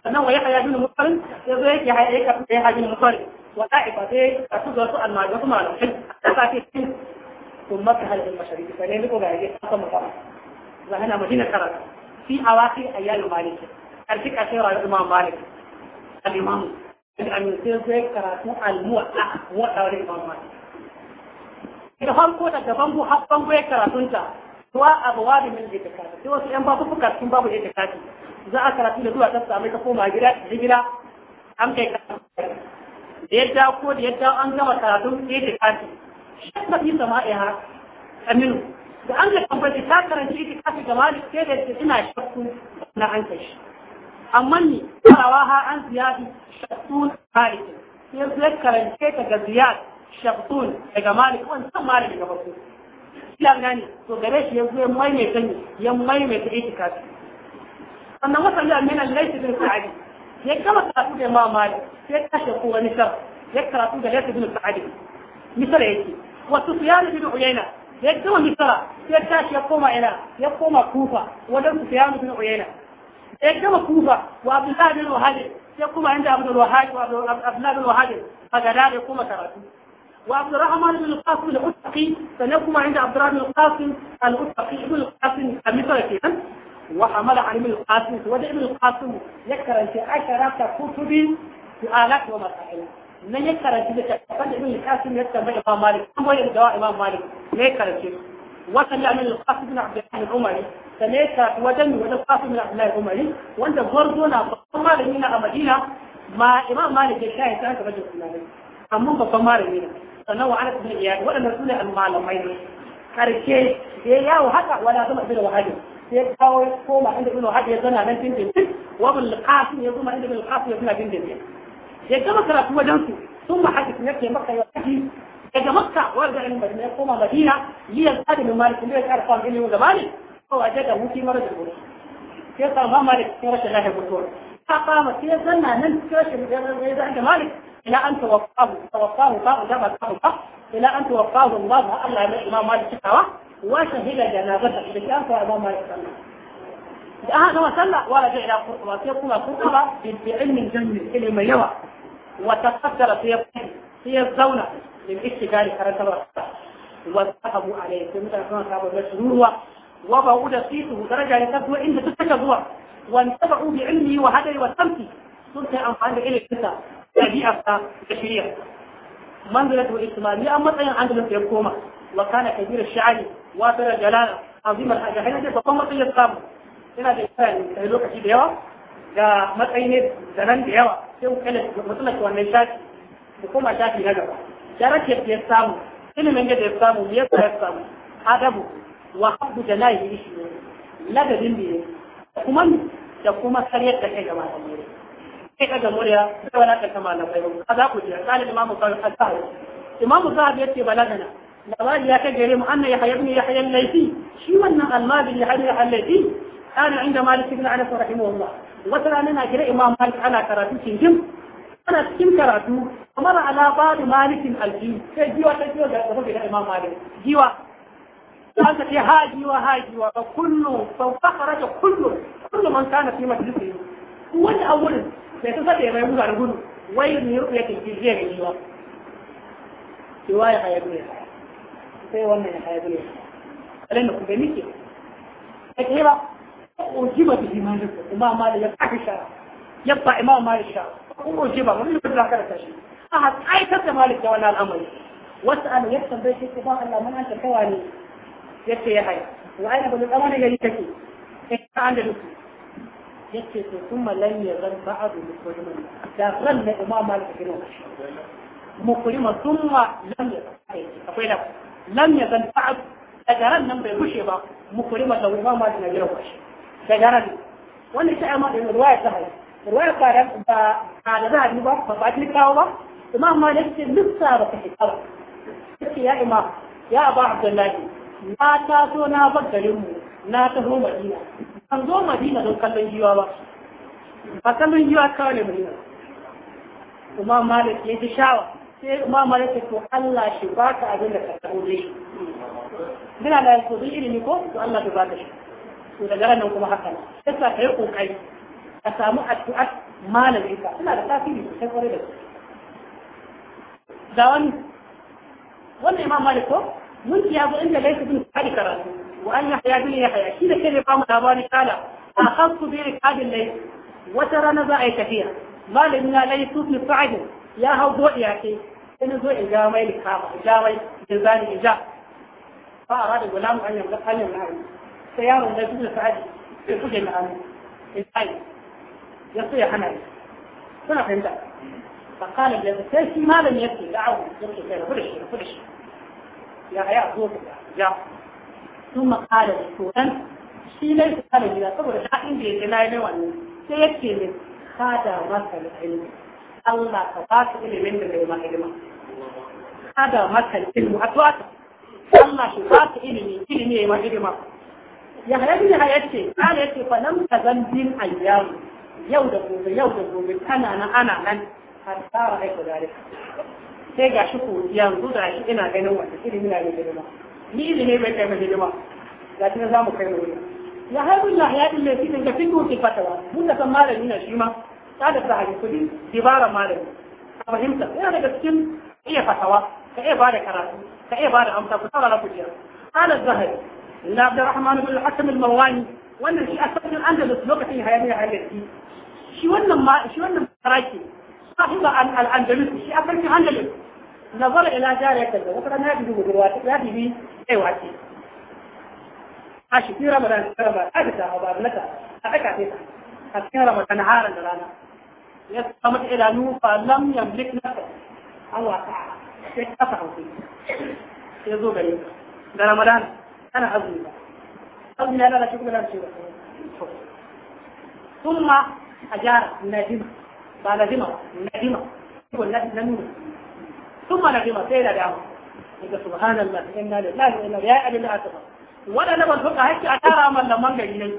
sannan wa yi haya bin mutarin ya zo yake haya ya yi haya bin mutarin wa ɗa'ifa sai ya ka su zuwa su almajiya kuma alaƙai a ƙasa ke cikin kun mafi halin mashari ka ne duka ga yake kasan mutarin za a madina karatu fi a waƙi a yi alin maliki ƙarfi ƙarfi rayu imam maliki al-imam da amin sai zai karatu al-muwaɗa muwaɗa wani imam maliki da farko daga bango har bango ya karatunta zuwa abuwa da min jikakati sai wasu 'yan babu fukar sun babu jikakati za a karatu da zuwa tafsa mai ka koma gida jibila an kai ka da yadda ko da yadda an gama karatu sai da kafi shi ba fi sama ya ha aminu da an ga tambaci ta karanci ita kafi da mali sai da ina shakku na an kai shi amma ni karawa ha an ziyadi shakkun mali sai zai karance ta ga ziyad shakkun daga mali wancan mali daga baku. Ila gani, to gare shi ya zo ya maimaita ne, ya maimaita itikafi. أنا وصل إلى من الغيس بن سعدي يكرا تقول يا ماما يكشف هو نشر يكرا تقول يا بن سعدي مثل إيه وسفيان بن عيينة يكرا مثلا يكشف يقوم إلى يقوم كوفة ولم سفيان بن عيينة يكرا كوفة وأبن الله بن الوهاج يقوم عند أبن الوهاج وأبن الله بن الوهاج فقدار يقوم كراته وعبد الرحمن بن القاسم الأتقي فنقوم عند عبد الرحمن القاسم الأتقي بن القاسم كمثل وحمل عن ابن القاسم وده ابن القاسم يكرن في عشرة كتب سؤالات ومسائل من يكرن في تكفل ابن القاسم يتبع إمام مالك كم هو الدواء إمام مالك ما يكرن فيه وسمع من القاسم بن عبد الله العمري سمعت ودن ودن القاسم بن عبد الله العمري وانت برضونا فما لمينا مدينة ما إمام مالك الشاهد كان رجل الله amma babban malami ne sannan wa anas bin iyad waɗanda su ne al-malamai ne karshe ya yawo haka wala zama bin wahabi sai kawo ya koma inda ibn wahab ya zana nan dindin din wa ibn qasim ya zuma inda ibn qasim ya zana dindin din ya gama karatu wajen su sun ma hadith ne ke makka ya ji daga makka wa da madina ya koma madina yi ya tsada min malik inda ya tsara kwan ilmin gabani ko a jaga wuti mara da gudu sai sa ma malik sai rashin lafiya gudu ta kama sai ya zanna nan cikin rashin ya zana da malik ila an tawaffahu tawaffahu ta da ba'u ila an tawaffahu Allah ya mai imam malik cikawa وشهد جنابته بشأن فأمام ما يصلى هو وصلى ورجع إلى وسيقوم الخطبة بعلم جن كلمة يوى وتقدر في في الزونة على كرنت وسحبوا عليه كنت أكون صاحب المشروع وبعود سيته درجة لتبدو إن تتكبوا وانتبعوا بعلمه وهدري والسمتي سنت أنفعان إلى كتا تبيئة تشريع منزلته الإسلامية أما أن في الحكومة وكان كبير الشعري wata jalala azimar haja hanyar ce babban matsayin samu yana da isa ne lokaci da yawa ga matsayi ne da nan da yawa sai mu kalle matsalar wannan shafi mu koma shafi na gaba jarar ya samu ilimin da ya samu ya ya samu adabu wa habbu janahi shi ladabin da kuma da kuma karyar da kai gaba da mure sai kaga murya sai wala ka kama na bayu kaza ku ji kalin imamu kan al-sahih imamu zahabi yace balagana labari ya kai gare mu anna yahya ibn yahya al-laythi shi wannan almadi yahya ibn yahya al kana inda malik ibn anas rahimahullah wata rana na kira imam malik ana karatu cikin ana cikin karatu kamar ala ba'd malik al-ji sai jiwa ta jiwa da tafi da imam malik jiwa an ta ce ha jiwa ha jiwa fa kullu fa fakhraja kullu kullu man kana fi majlisi wanda awulin sai ta sabe mai gudu gudu wai ne ruya ta jiwa jiwa riwaya hayatu ne sai wannan ya haya bane kalan da ku gani ke kai ba urjima bihi maliku kuma malik ya kafi shara yabba imam malik shara ko urjima wani da haka da tashi a ha tsaitar da malik da wannan al'amari wasu an ya tambaye shi ba Allah mun an tawa ne yace ya haya wa aina bin amana gari take in ka an da duk yace to kuma lan ya zan ba'adu muslimin da ran ne imam malik bin mu kulima thumma lam yakun akwai lafiya lam ya zan fa'ad daga ran nan bai rushe ba mukrima da imam malik na jira kwashi daga ran wannan sai amma da ruwaya ta hayi ruwaya ba ba da za a duba ba ba ta kawo ba Kuma imam malik ce lissa ba ta ba. sai ya imam ya ba abdullahi na taso na bar garin mu na taho madina ban zo madina don kallon giwa ba ba kallon giwa kawai ne madina Kuma malik ya ji shawara ما ملكت الا شباك ابن التقوي من على الفضيل اللي يكون الله تبارك ولا غير انكم حقنا اسا حقوق كاي اسامو اتوات مال الانسان انا لا تفيد تقوري ده دان وان امام مالك من يابو ان ليس بن حاجه كرات وان يحيى بن يحيى شيء ده كان يقام داباني قال اخذت بيرك هذه الليل وترى نزعت فيها مال ابن علي صوت يا هو ضوء يا اخي sai zo in mai mai da in ja ba a rada gulamu an yamma an yamma hannu sai yaron da duk da sa'adi sai na hannu sai ya so ya hana ni suna fahimta da sai shi malam yake da awu kai da fulishi da ya haya zo ka ja shi saboda inda na yi wannan sai ne kada masa ilimi Allah ka ba ka ilimin da bai ma ilima kada maka ilmu a tuwa Allah shi ba ka ilimi ilimi ya ma ilima ya hayar ne hayar ce kana yace fa nan ka zan bin ayyamu yau da gobe yau da gobe kana nan ana nan har tsara aika zalika sai ga shi ko yanzu da shi ina ganin wata ilimi na ilima ni ilimi bai kai ma ilima ga shi na zamu kai mu ya hayar ne hayar ne shi ne ga fitu ki fatawa mun da san malami na shi ma ta da sahabi kudi dibara malami ka fahimta yana daga cikin iya fatawa ka iya bada karatu ka iya bada amsa ku tsara ku jiya ala zahari la abdurrahman bin al-hakim wannan shi asalin andalus lokacin hayaniya hayaniya shi wannan ma shi wannan saraki صاحب الأندلس الشيء أكل في الأندلس نظر إلى جارية كذا وكذا ما يجب مدرواتي لا تبي أيواتي a في رمضان رمضان أجسى أو بابلتا أتكا تيسا أتكا رمضان da rana. ya samu da idanu fa lam yamlik nafsa Allah ta'ala sai ka fa hauki sai zo gare ka da Ramadan kana azumi ba azumi ya lalace kuma lalace ba thumma ajara nadima ba nadima ba nadima ko nadima thumma nadima sai da dama. daga subhanallah inna lillahi wa inna ilaihi raji'un waɗanda ban fuka hakki a tara man da man gari ne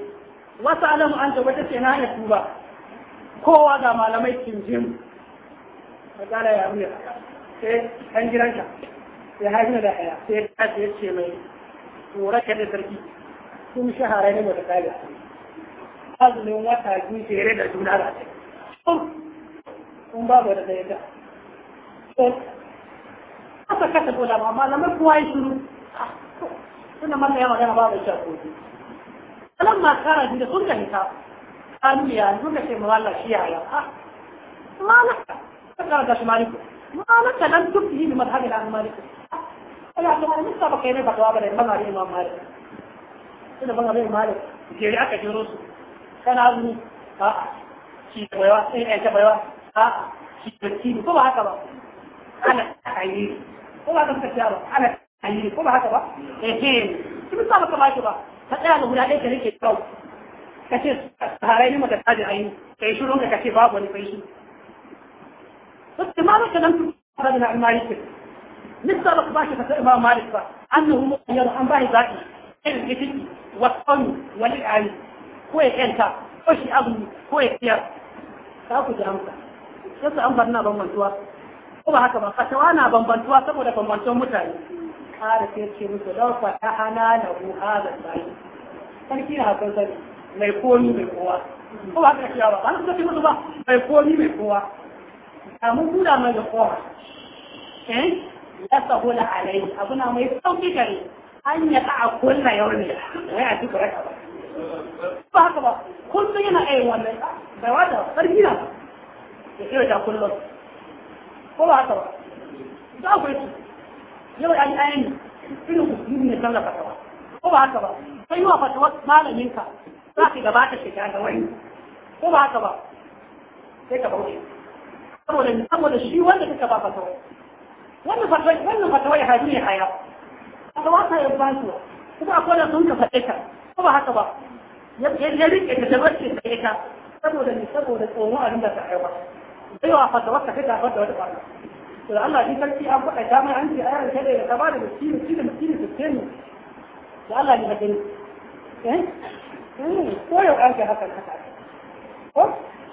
wasu alamu an tabbata ce na hanyar tuba kowa ga malamai kimjim a tsara ya abu sai an gidanka ya haifi da haya sai ya ce ya ce mai tsoron ka da sarki sun shahara ne mata kariya azumin wata biyu jere da juna da ta kun babu da ɗaya ta kasa kasa dole ba malamai kuwa yi shuru suna mata ya magana babu shi a alamma kara da sun ga hita an nuna duka ce mawala shi ya ya ha malaka ka da shi maliku malaka nan duk yi madhabi al maliku ala to mun sa ba kai ne fatawa ba da mazari imam malik ina ban abin malik jeri aka jiro su kana azumi a ah, shi da baiwa sai ai ta baiwa a ah, shi da ko ba haka ba ana ayi ko ba ka tsaya ba ana ayi ko ba haka ba eh eh kin sa ba ka ba ta tsaya da guda ɗaya ka rike kawai kace harai ne mata tajin aini kai shiru ka kace babu wani kai shi sai ma maka dan tuba da al-malik lissa baka bashi fata imam malik ba annahu muqayyad an bashi zaki irin gitiki wa sanu wal ali ko ya kenta ko shi azumi ko ya kiyar ka ku ji amsa yasa an bar na bambantuwa ko ba haka ba fatawa na bambantuwa saboda bambantuwan mutane ƙara sai ce musu laufa ta hana na ruha da sarki na hakan sani mai komi mai kowa ko ba ka kiyawa ba ba musu ba mai komi mai kowa da mun a mai da kowa eh ya sahula alai abuna mai sauki gare an ya ta kulla yau ne wai a duk raka ba ba haka ba kullum yana ayin wannan bai wata sarki na ya kiyo ta kullum ko ba haka ba za ku yi yau an ayin irin ku ne sallah fatawa ko ba haka ba kai wa fatawa malamin ka za ka gabata shiga ga wani ko ba haka ba sai ka bauchi saboda saboda shi wanda kika ba fatawa wannan fatawa wannan fatawa ya hadu ya haya fatawa ta yi ba su kuma akwai da sun ka faɗe ka ko ba haka ba ya rike ta da wacce ta yi ka saboda ni saboda tsoron abin da ta aiwa sai wa fatawa ka fita wadda wata ɓarna to da Allah ni sarki an faɗa ta mai an ce ayar ta da ya ba da miskini miskini miskini miskini da Allah ni ka gani eh Hmm, ko yau an ga hakan haka ko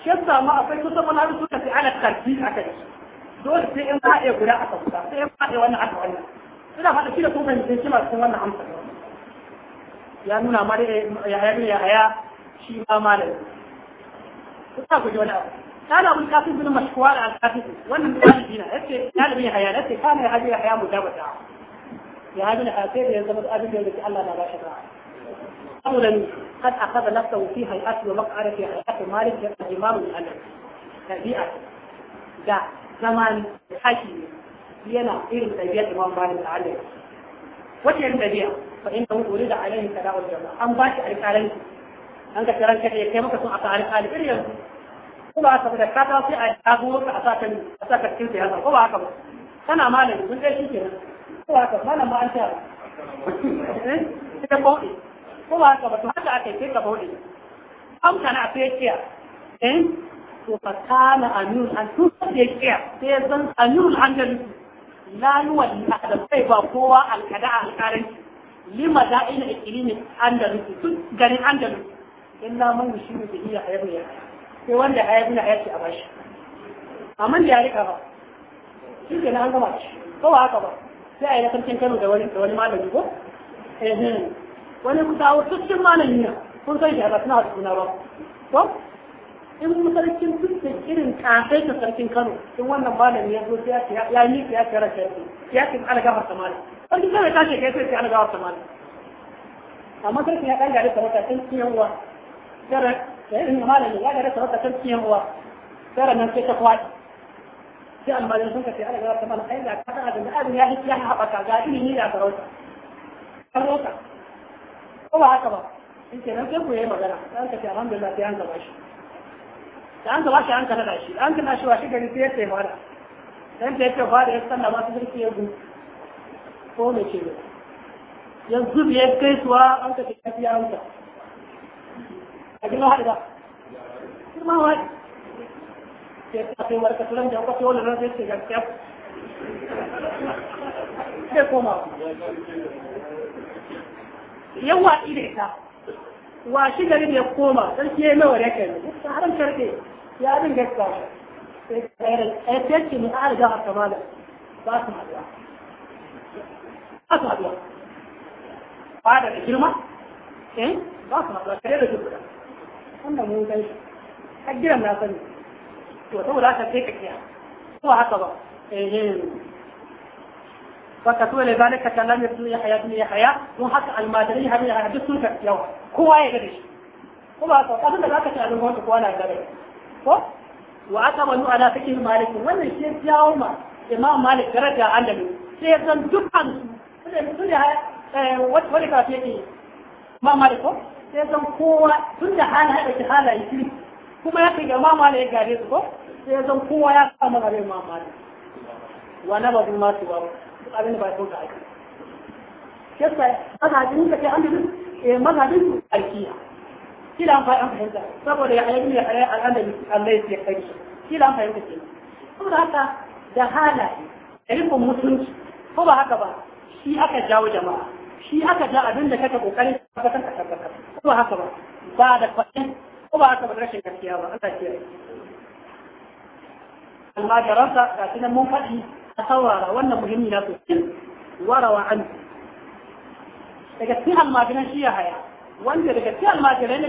shi yasa ma akwai kusa mana har suka fi ala tarbi aka yi dole sai in ba guda aka kusa sai in ba wannan aka wannan suna faɗa shi da sun fahimci shi masu wannan amsa ya nuna ma da ya haya ya haya shi ma malami kusa ku ji wani abu na abin kafin bin mashkuwa da alkafifu wannan ɗalibi na yace ɗalibi ya haya yace kana ya haya ya haya mu dabata ya haya ya haya sai da ya zama abin da yake Allah na ba shi da'a رجلا قد أخذ نفسه في هيئته ومقعد في هيئته مالك الإمام الألم تبيئة دا زمان حكيم yana irin ɗabi'ar imam malik da alayhi wace irin ɗabi'a fa inda hu urida alayhi kada'ul jama'a an ba shi alƙalan an ka taran ka kai maka aka alƙali irin yanzu ko ba haka da ka sai a dago ka a saka a saka cikin sai haka ko ba haka ba haka malam an ta ko ba haka ba to haka aka yi ka bude an kana a fiye eh to fa kana amirul an tun sai ya kiya sai ya zan amirul an da la yuwalli adam sai ba kowa alkada alkaranci lima da'in ikilimin andalus tun garin andalus illa man ne bihi ya hayar ya sai wanda hayar ya hayar a bashi amma da ya rika ba shi ke an gama shi ko ba haka ba sai a yi na sarkin kano da wani malami ko eh, eh. ولم تعرفت كم عليها كنت أجعب أثناءك من أرى طب إنه مثلا كنت تذكر إن كعفيت تركين كانوا ثم أنه بالا من يدلو سياسي لا يميك يا كرا سياسي سياسي على جهر تمالي فلقد كان يتعشي كيف يسي على جهر تمالي أما ترك يا قال جعلي سرطة تنسي هو ترى إنه مالا من يا جعلي سرطة تنسي هو ترى من سيسي قوات في المال ينسونك في على جهر تمالي أين ko ba haka ba in ce nan sai ku yi magana an ka ce alhamdulillah sai an gaba shi da an gaba shi an ka nada shi an ka nada shi wa shi gari sai ya ce fada dan da ya ce fada ya sanna ba su sarki ya gudu ko me ce yanzu biyar gaisuwa an ka ce ya fi amsa a gina haɗu ba girma haɗu sai ta kai warka turan da kwafi wani ran sai ce gaskiya sai koma yan watsi da ita wa shi garin ya koma sarki ya yi mawa da kai ta haram karfe ya abin gaskiya sai tsayar eh, ce ne a alga a kamala ba su haɗuwa ba su haɗuwa ba da girma eh ba su haɗuwa kare da girma wannan mun gan shi har gidan na sani to saboda haka sai ka kiya ko haka ba eh, eh. فكتو لذلك كلام ابن يحيى بن يحيى وحتى المادري هم يحدثون في يوم هو يدري كما أظن ذلك تعلم هون كوانا يدري وأتمنوا على فكر مالك وانا الشيء يوم إمام مالك رجع عندنا سيدنا دفعا wata wani kafe ne mama da ko sai zan kowa tun da hana ya ɗauki halaye shiri kuma ya kai ga mama ya gare su ko sai kowa ya kama gare mama da wa na babu su babu abin da ba ya kauta ake yasa mazhabin ka kai amilin eh su alkiya kila an fa'an fahimta saboda ya ayyuka ya ayyuka al'adami Allah ya ce kai kila an fahimta ke saboda haka da halaye da rikon mutunci ko ba haka ba shi aka jawo jama'a shi aka ja abin da kake ka tabbatar ka tabbatar ko ba haka ba ba da kwaɗin ko ba haka ba rashin gaskiya ba Allah ya ce al-majarasa ga tunan mun faɗi a wannan muhimmi na sosai warawa an daga cikin almajiran shi ya haya wanda daga cikin almajiran ne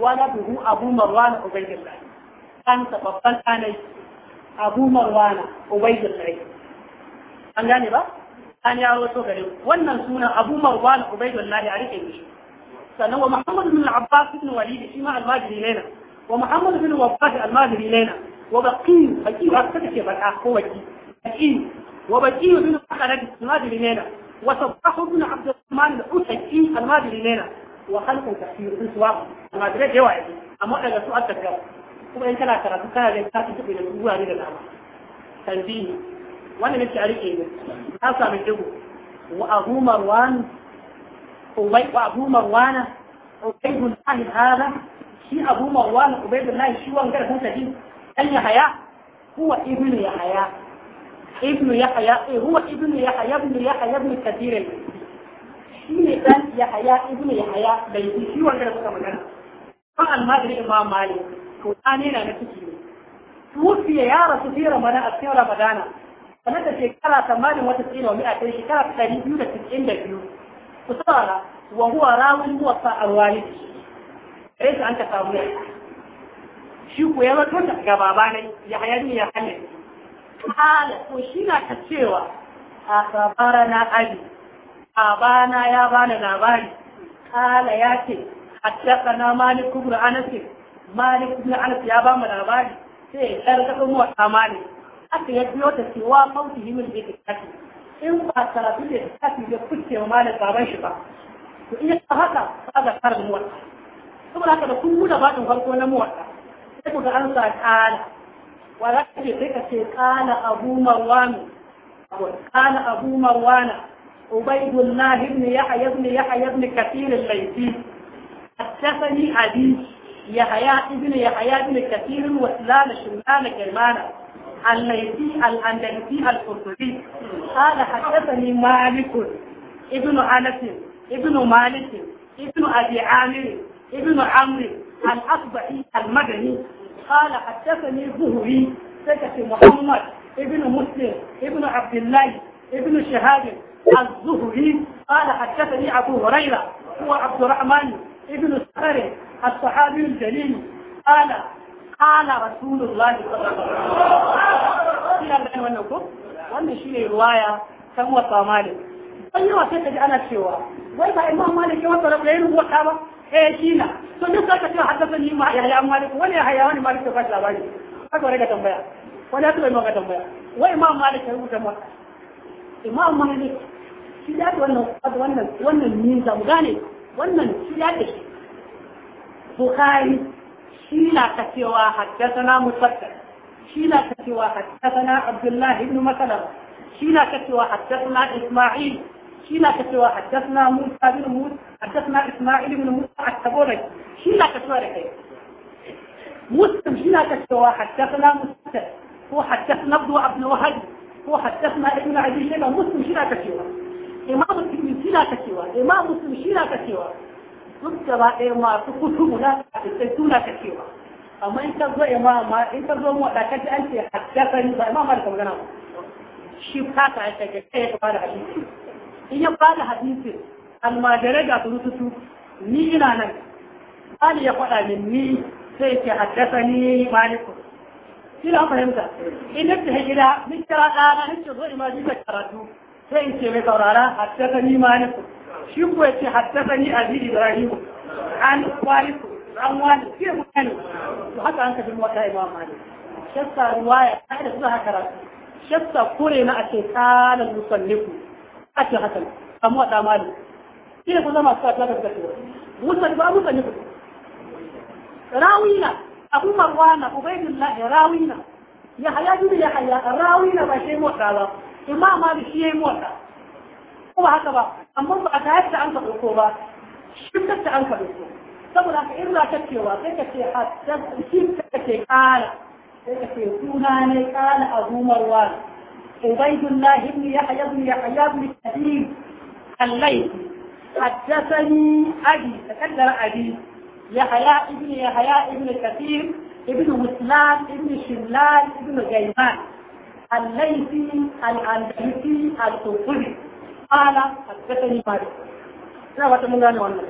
wala buhu abu marwana ubaidillahi kansa babban ɗanai abu marwana ubaidillahi an gane ba an yawo to gare wannan sunan abu marwana ubaidillahi a rike shi sannan wa Muhammadu bin abbas bin walid shi ma almajiri ne na wa muhammad bin wabbas almajiri ne na wa baqi baqi wa kake faɗa ko baqi بكي وبكي بن أخرج المادري لنا وصباح بن عبد الرحمن الحسكي المادري da ka tuɓe da ruwa ne da dama tanbihi wannan yake a rike ne ta samu digo wa abu marwan ubay wa abu marwana ubaydul lahi hada shi abu marwan ubaydul lahi shi wanga da kansa din dan ya haya huwa ibnu ya ibnu yahya eh huwa ibnu yahya ibnu yahya ne dan yahya ibnu yahya bai shi wanda da suka magana fa al-madri imam malik to dane na ciki ne tufiya ya rasu fi mana a cikin ramadana sanar da shekara tamanin wata tsina wa mi'atai shekara ɗari biyu da cikin da biyu ku saurara wa huwa rawun huwa sa'ar wani sai da ya ya kala ko shi na ta cewa a kabara na ali abana ya bani labari kala ya ce hatta na malik ibn anas malik ibn anas ya ba labari sai ɗan kaɗo mu a malik aka ya biyo ta cewa mauti himin da ke kafi in ba karatu da ke kafi da kuce ma da gaban shi ba to in ya haka ba ga karin muwaɗa saboda haka da kun da baɗin farko na muwaɗa sai ku ga an sa ƙala ورقي فكة قال أبو مروان قال أبو مروان عبيد الله بن يحيى بن يحيى بن كثير الليثي حدثني أبي يحيى بن يحيى بن كثير وسلام شمال كرمانة الليثي الأندلسي القرطبي قال حدثني مالك ابن أنس ابن مالك ابن أبي عامر ابن عمرو الأصبعي المدني قال حدثني الزهري سكت محمد ابن مسلم ابن عبد الله ابن شهاب الزهري قال حدثني أبو هريرة هو عبد الرحمن ابن سخر الصحابي الجليل قال قال رسول الله صلى الله عليه وسلم wannan shi ne ruwaya kan wasa malik an yi wasa ta ji ana cewa wai ba imam malik ya wasa da ya rubuta ba E shi na to duk haddasa ni ma malik wani wani malik labari tambaya wani ga tambaya wai imam malik ya rubuta imam malik shi ya wannan wannan wannan mu gane wannan shi ya ce shi na ka cewa haddasa shi na ka cewa haddasa abdullahi ibn masalama shi na ka cewa haddasa isma'il شيلا كسوة حدثنا موسى بن موسى حدثنا إسماعيل بن موسى التبوري شيلا كسوة كسوا ركي مسلم شي لا حدثنا مسلم هو حدثنا ابن ابن وهب هو حدثنا ابن عبد الله مسلم شيلا كسوة إمام مسلم شيلا كسوة إمام مسلم شيلا كسوة كسوا duk إمام ɗaya لا kutubu na hadisai suna ta cewa amma أنت ذو zo imama أنت حدثني zo mu ɗakaci an ce haddasa ni ba in ya fada hadisi almajirai ga turututu ni ina nan Ali ya faɗa min ni sai ke haddasa ni maliku ina fahimta in nake ha gida min kira ɗana ce zo ima ji karatu sai in ce mai saurara haddasa ni maliku shi ko ya ce haddasa ni aziz ibrahim an waliku an wani sai mu kani to haka an kafin wata imam malik shassa ruwaya kai da suka karatu shassa kore na a ce kana musallifu ake haka ne amma wata mali shi ne ku zama su ta daga cewa musul ba musul ne rawina abu marwana ubaidullahi rawina ya haya jini ya haya rawina ba shi mota ba imam mali shi ya mota ko ba haka ba amma ba a tayar da an ka dauko ba shi ta an ka dauko saboda haka in za ka cewa sai ka ce hatta shi ka ce kala sai ka ce suna ne kala abu marwana عبيد الله بن يحيى بن يحيى بن كثير الليل حدثني أبي تكلم أبي يحيى بن يحيى بن كثير ابن مسلم ابن شلال ابن جيمان الليثي الأندلسي القرطبي قال حدثني مالك لا وتمنى وانا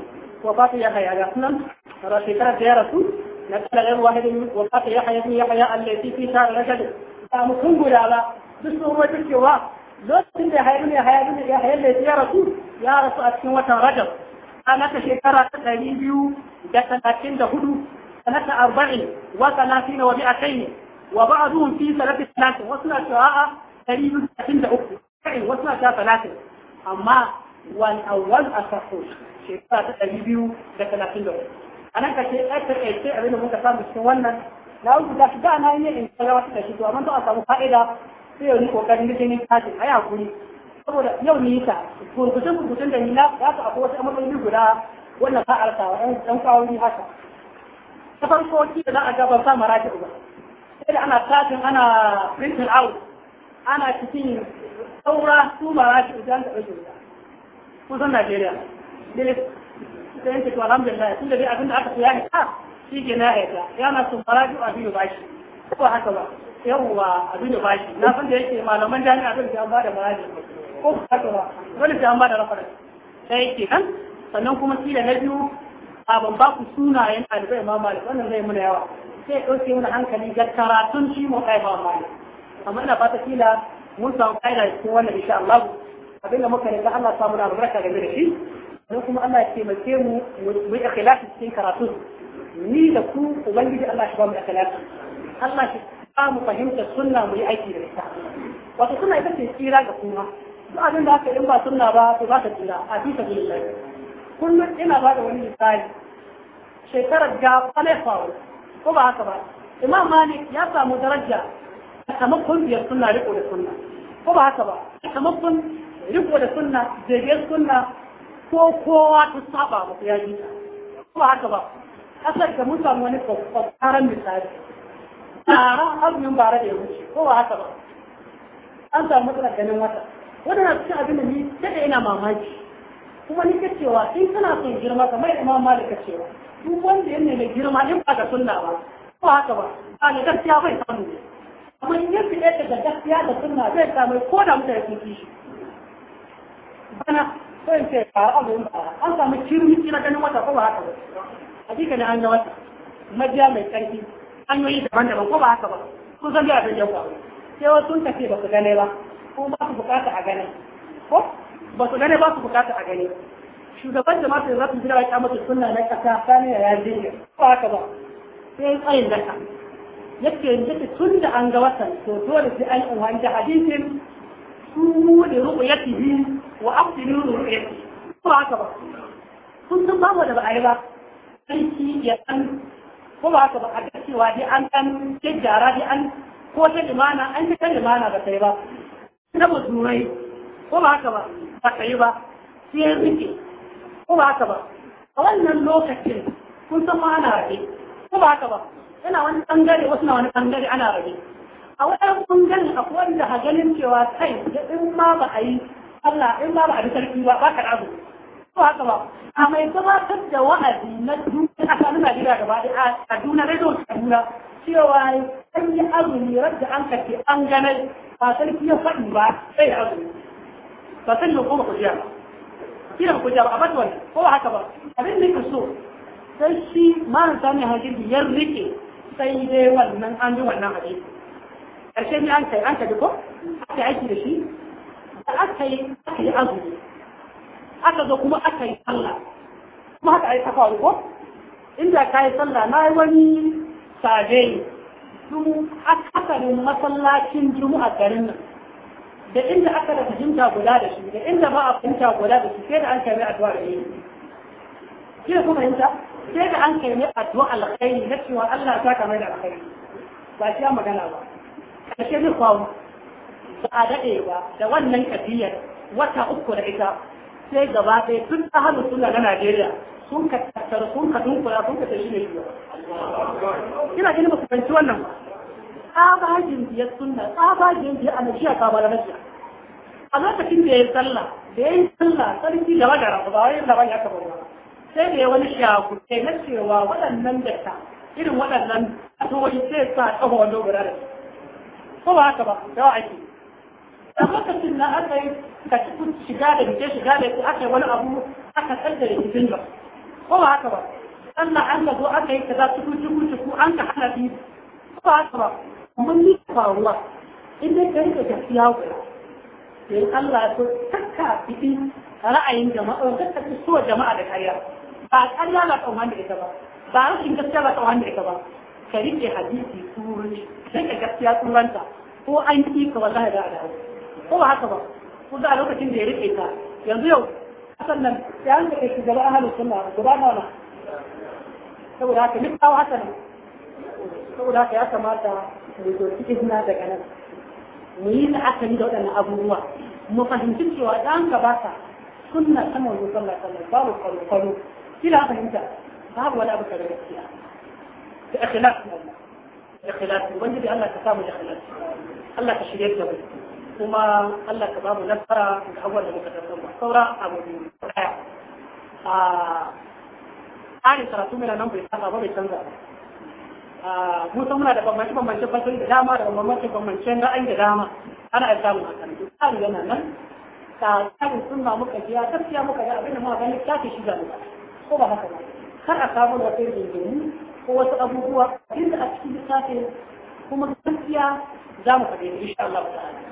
وفاة يحيى يحيى رشيدات يا رسول نقل غير واحد وفاة يحيى بن يحيى الذي في شهر رجل قام كنقل على duk sun wajen cewa lokacin da hayar ne hayar ne ya hayar ne ya rasu ya rasu a cikin watan rajab sanata shekara ta ɗari biyu da talatin da hudu sanata arba'in wa talatin wa bi'atai ne wa ba'aduhum fi sanata talatin wasu na cewa a'a ɗari biyu da talatin da uku wasu na cewa talatin amma wani awwal a sako shekara ta ɗari biyu da talatin da hudu. a nan kashe ɗaya ta ƙaice abin da muka samu cikin wannan na wuce da shi da na yin ne in kaga wata da shi to amma to a samu fa'ida sai ni kokarin da jini kaji ai hakuri saboda yau ni ta gurgutun gurgutun da ni na ya ta akwai wata amaloli guda wannan ka arta wa ɗan ɗan kawuri haka ta farko ki da za a gaban sa maraki uba sai da ana katin ana printing out ana cikin saura su maraki uba an taɓa shi kusan Najeriya sai yanke to alhamdulillah tun da dai abin da aka so ya hita shi ke na hita yana sun maraki uba biyu ba shi ko haka ba yawwa abin da bashi na san da yake malaman jami'a dole sai ba da bayani ko ba haka ba dole sai ba da reference sai yake kan sannan kuma kila na biyu a ban ba ku sunayen ɗalibai ma malik wannan zai muna yawa sai ɗauke mana hankali ga karatun shi mu kai ba malik amma ina fata kila mun samu kaida cikin wannan insha Allah abin da muka riga Allah samu da albarka game da shi sannan kuma Allah ya taimake mu mu yi ikhlasi cikin karatun ni da ku ubangiji Allah shi ba mu ikhlasi Allah shi ba mu fahimta sunna mu yi aiki da ita wato suna ita ce tsira ga kuma duk abin da aka in ba sunna ba to ba ta tsira a bisa billahi kullum ina ba da wani misali shekarar ga falefawo ko ba haka ba imam malik ya samu daraja sakamakon biyar sunna riko da sunna ko ba haka ba sakamakon riko da sunna jirgin sunna ko kowa ta saba ba ya ta ko ba haka ba kasar da mun samu wani kwakwaran misali tsara azumin bara da ya wuce ko ba haka ba an samu matsalar ganin wata wadana cikin abin da ni daga ina mamaki kuma ni ka cewa in kana son girma kamar imam malik ka cewa duk wanda ya nemi girma in ba ga sunna ba ko haka ba a ga gaskiya bai samu ne amma in ya fi da gaskiya da sunna bai samu ko da mutane sun kishi bana sai ce ka abu ba an samu kirmi kira ganin wata ko ba haka ba hakika ne an ga wata majiya mai tsarki hanyoyi daban-daban ko ba haka ba sun san biya abin yawa sai wasu sun tafi ba su gane ba ko ba su bukata a gane ko ba su gane ba su bukata a gane shugaban jama'a sai zafin jira ya kama sunna na kasa sani ya yajin ya ko haka ba sai tsayin daka yake jiki tun da an ga watan to dole sai an uwan da hadisin su da ru'yatihi wa afdilu ru'yatihi ko haka ba sun san babu da ba a yi ba aiki ya san ko ba haka ba a ga cewa dai an kan jara dai an ko ta limana an ta ta limana ba sai ba na musulmai ko ba haka ba ba ta yi ba sai ya rike ko ba haka ba a wannan lokacin kun san ma ana rabe ko ba haka ba yana wani bangare wasu na wani bangare ana rabe a wajen bangaren a wanda ha ganin cewa kai da in ma ba a yi Allah in ma ba a bi sarki ba ba ka rabu ko haka ba a mai gabatar da wa'azi na duk a sami Najeriya gaba da Kaduna Radio Kaduna cewa an yi azumi radda an kace an ganai ba sarki ya faɗi ba sai azumi ba san ne kuma kujiya ba kira kujiya ba a bata wannan ko ba haka ba abin da ka so sai shi malam sami hajji biyar rike sai dai wannan an yi wannan hadisi karshe ne an kai an kaji ko aka aiki da shi da aka yi aka yi azumi aka zo kuma aka yi sallah kuma haka ai ta faru ko inda ka yi sallah na yi wani sabe akasarin masallacin juma'a garin nan da inda aka da fahimta guda da shi da inda ba a fahimta guda da shi sai da an kai mai addu'a da yi shi ku fahimta sai da an kai mai addu'a alkhairi na cewa Allah ta kamar da alkhairi ba shi ya magana ba karshe zai kwawo ba a daɗe ba da wannan kafiyar wata uku da ita sai gaba ɗaya tun ta hannu suna na Najeriya sun ka tattara sun ka dunkula sun ka tashi ne yi ina ganin ba fahimci wannan tsabagin biyar suna tsabagin biyar a nashiya ka bala nashiya a lokacin da ya yi sallah da ya yi sallah sarki gaba da rabu wani laban ya taba ba sai da ya wani shaku sai na cewa waɗannan da ta, irin waɗannan a tuwai sai sa ƙafa wando guda da ko ba haka ba yawa ake a lokacin na aka yi ka shiga da bice shiga da aka yi wani abu aka tsar da rikicin ba ko ba haka ba Allah Allah zo aka yi kaza tuku tuku tuku an ka hana bi ko ba haka ba mun ni faruwa in dai ka rika gaskiya ku dan Allah ya so takka cikin ra'ayin jama'a da take so jama'a da kariya ba kariya la kawan da ita ba ba rashin gaskiya la kawan da ita ba ka rike hadisi turai sai ka gaskiya turanta ko an ki ka wallahi da ko ba haka ba ko da lokacin da ya rike ka yanzu yau hasannan ya da kai shugaba ahalin sunna guda nawa na saboda haka duk kawo hasanan saboda haka ya kamata mu doki izina daga nan mu yi la'akari da waɗannan abubuwa mu fahimci cewa ɗan gabata sunna ta manzo sallallahu alaihi babu kwaro kwaro kila fahimta babu wani abu da gaskiya da ikhlas Allah ikhlas ubangiji Allah ka samu da ikhlas Allah ka shirye da mu kuma Allah ka bamu nasara da abubuwan da muka tattauna ba saura abu biyu daya a tsarin karatu mai nan bai saba ba bai canza ba mun san muna da bambance bambance fasali da dama da bambance bambance ra'ayi da dama ana iya samun hakan duk tsarin yana nan ka tsarin sunna muka biya gaskiya muka ga abin da muka gani kyafi shi ga ko ba haka ba kar a samu wata rigingimu ko wasu abubuwa inda a cikin littafin kuma gaskiya za mu faɗi insha Allah ta'ala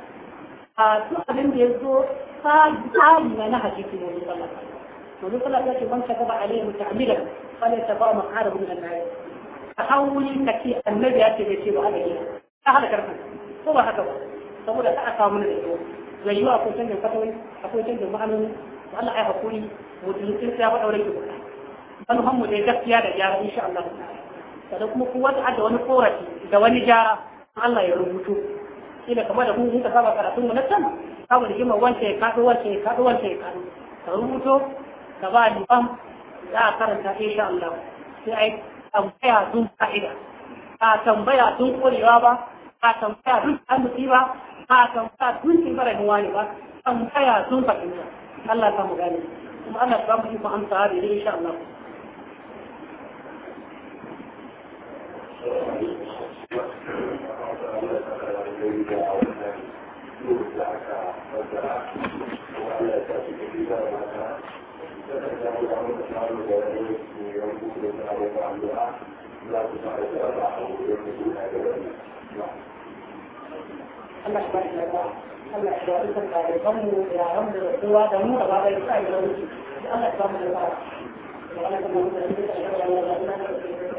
a su abin da ya zo tsari na na hadisi ne wani sallah wani sallah ya ce man ka gaba alaihi muta'amilan fala ta ba ma'arabu min annabi a hawuli kake annabi ya ce bai ce ba haka ne ta hada karfin ko ba haka ba saboda ta a aka mana da yau rayuwa akwai canjin fatawai akwai canjin ma'anoni to Allah ya hakuri mutum sai ya faɗa ba. kibata alhammu dai gaskiya da gyara insha Allah ta'ala sannan kuma kowa ta da wani korafi da wani gyara Allah ya rubuto kila kamar da mun muka saba karatun mu na can da rigimar wance ya kaɗo wance ya kaɗo wance ya kaɗo ka rubuto ka ba ni za a karanta insha Allah sai ai tambaya dun ka'ida ba tambaya dun ƙwarewa ba ba tambaya dun amuti ba ba tambaya dun tsibarin wani ba tambaya dun fahimta Allah ta mu gane kuma Allah ta mu yi mu amsa hari ne insha Allah Thank you. بيتا وكان نور لك فزع وألا تأتيك إلا لك فتحتاج أن تفعل ذلك ينبوك لتعرف عن دعاء لا تفعل دعاء ويرمزون هذا نعم أما شبابنا أما شبابنا يضموا إلى رمز الرسوة دموع بعد الإسلام أما شبابنا الله وأنا كما قلت لك أن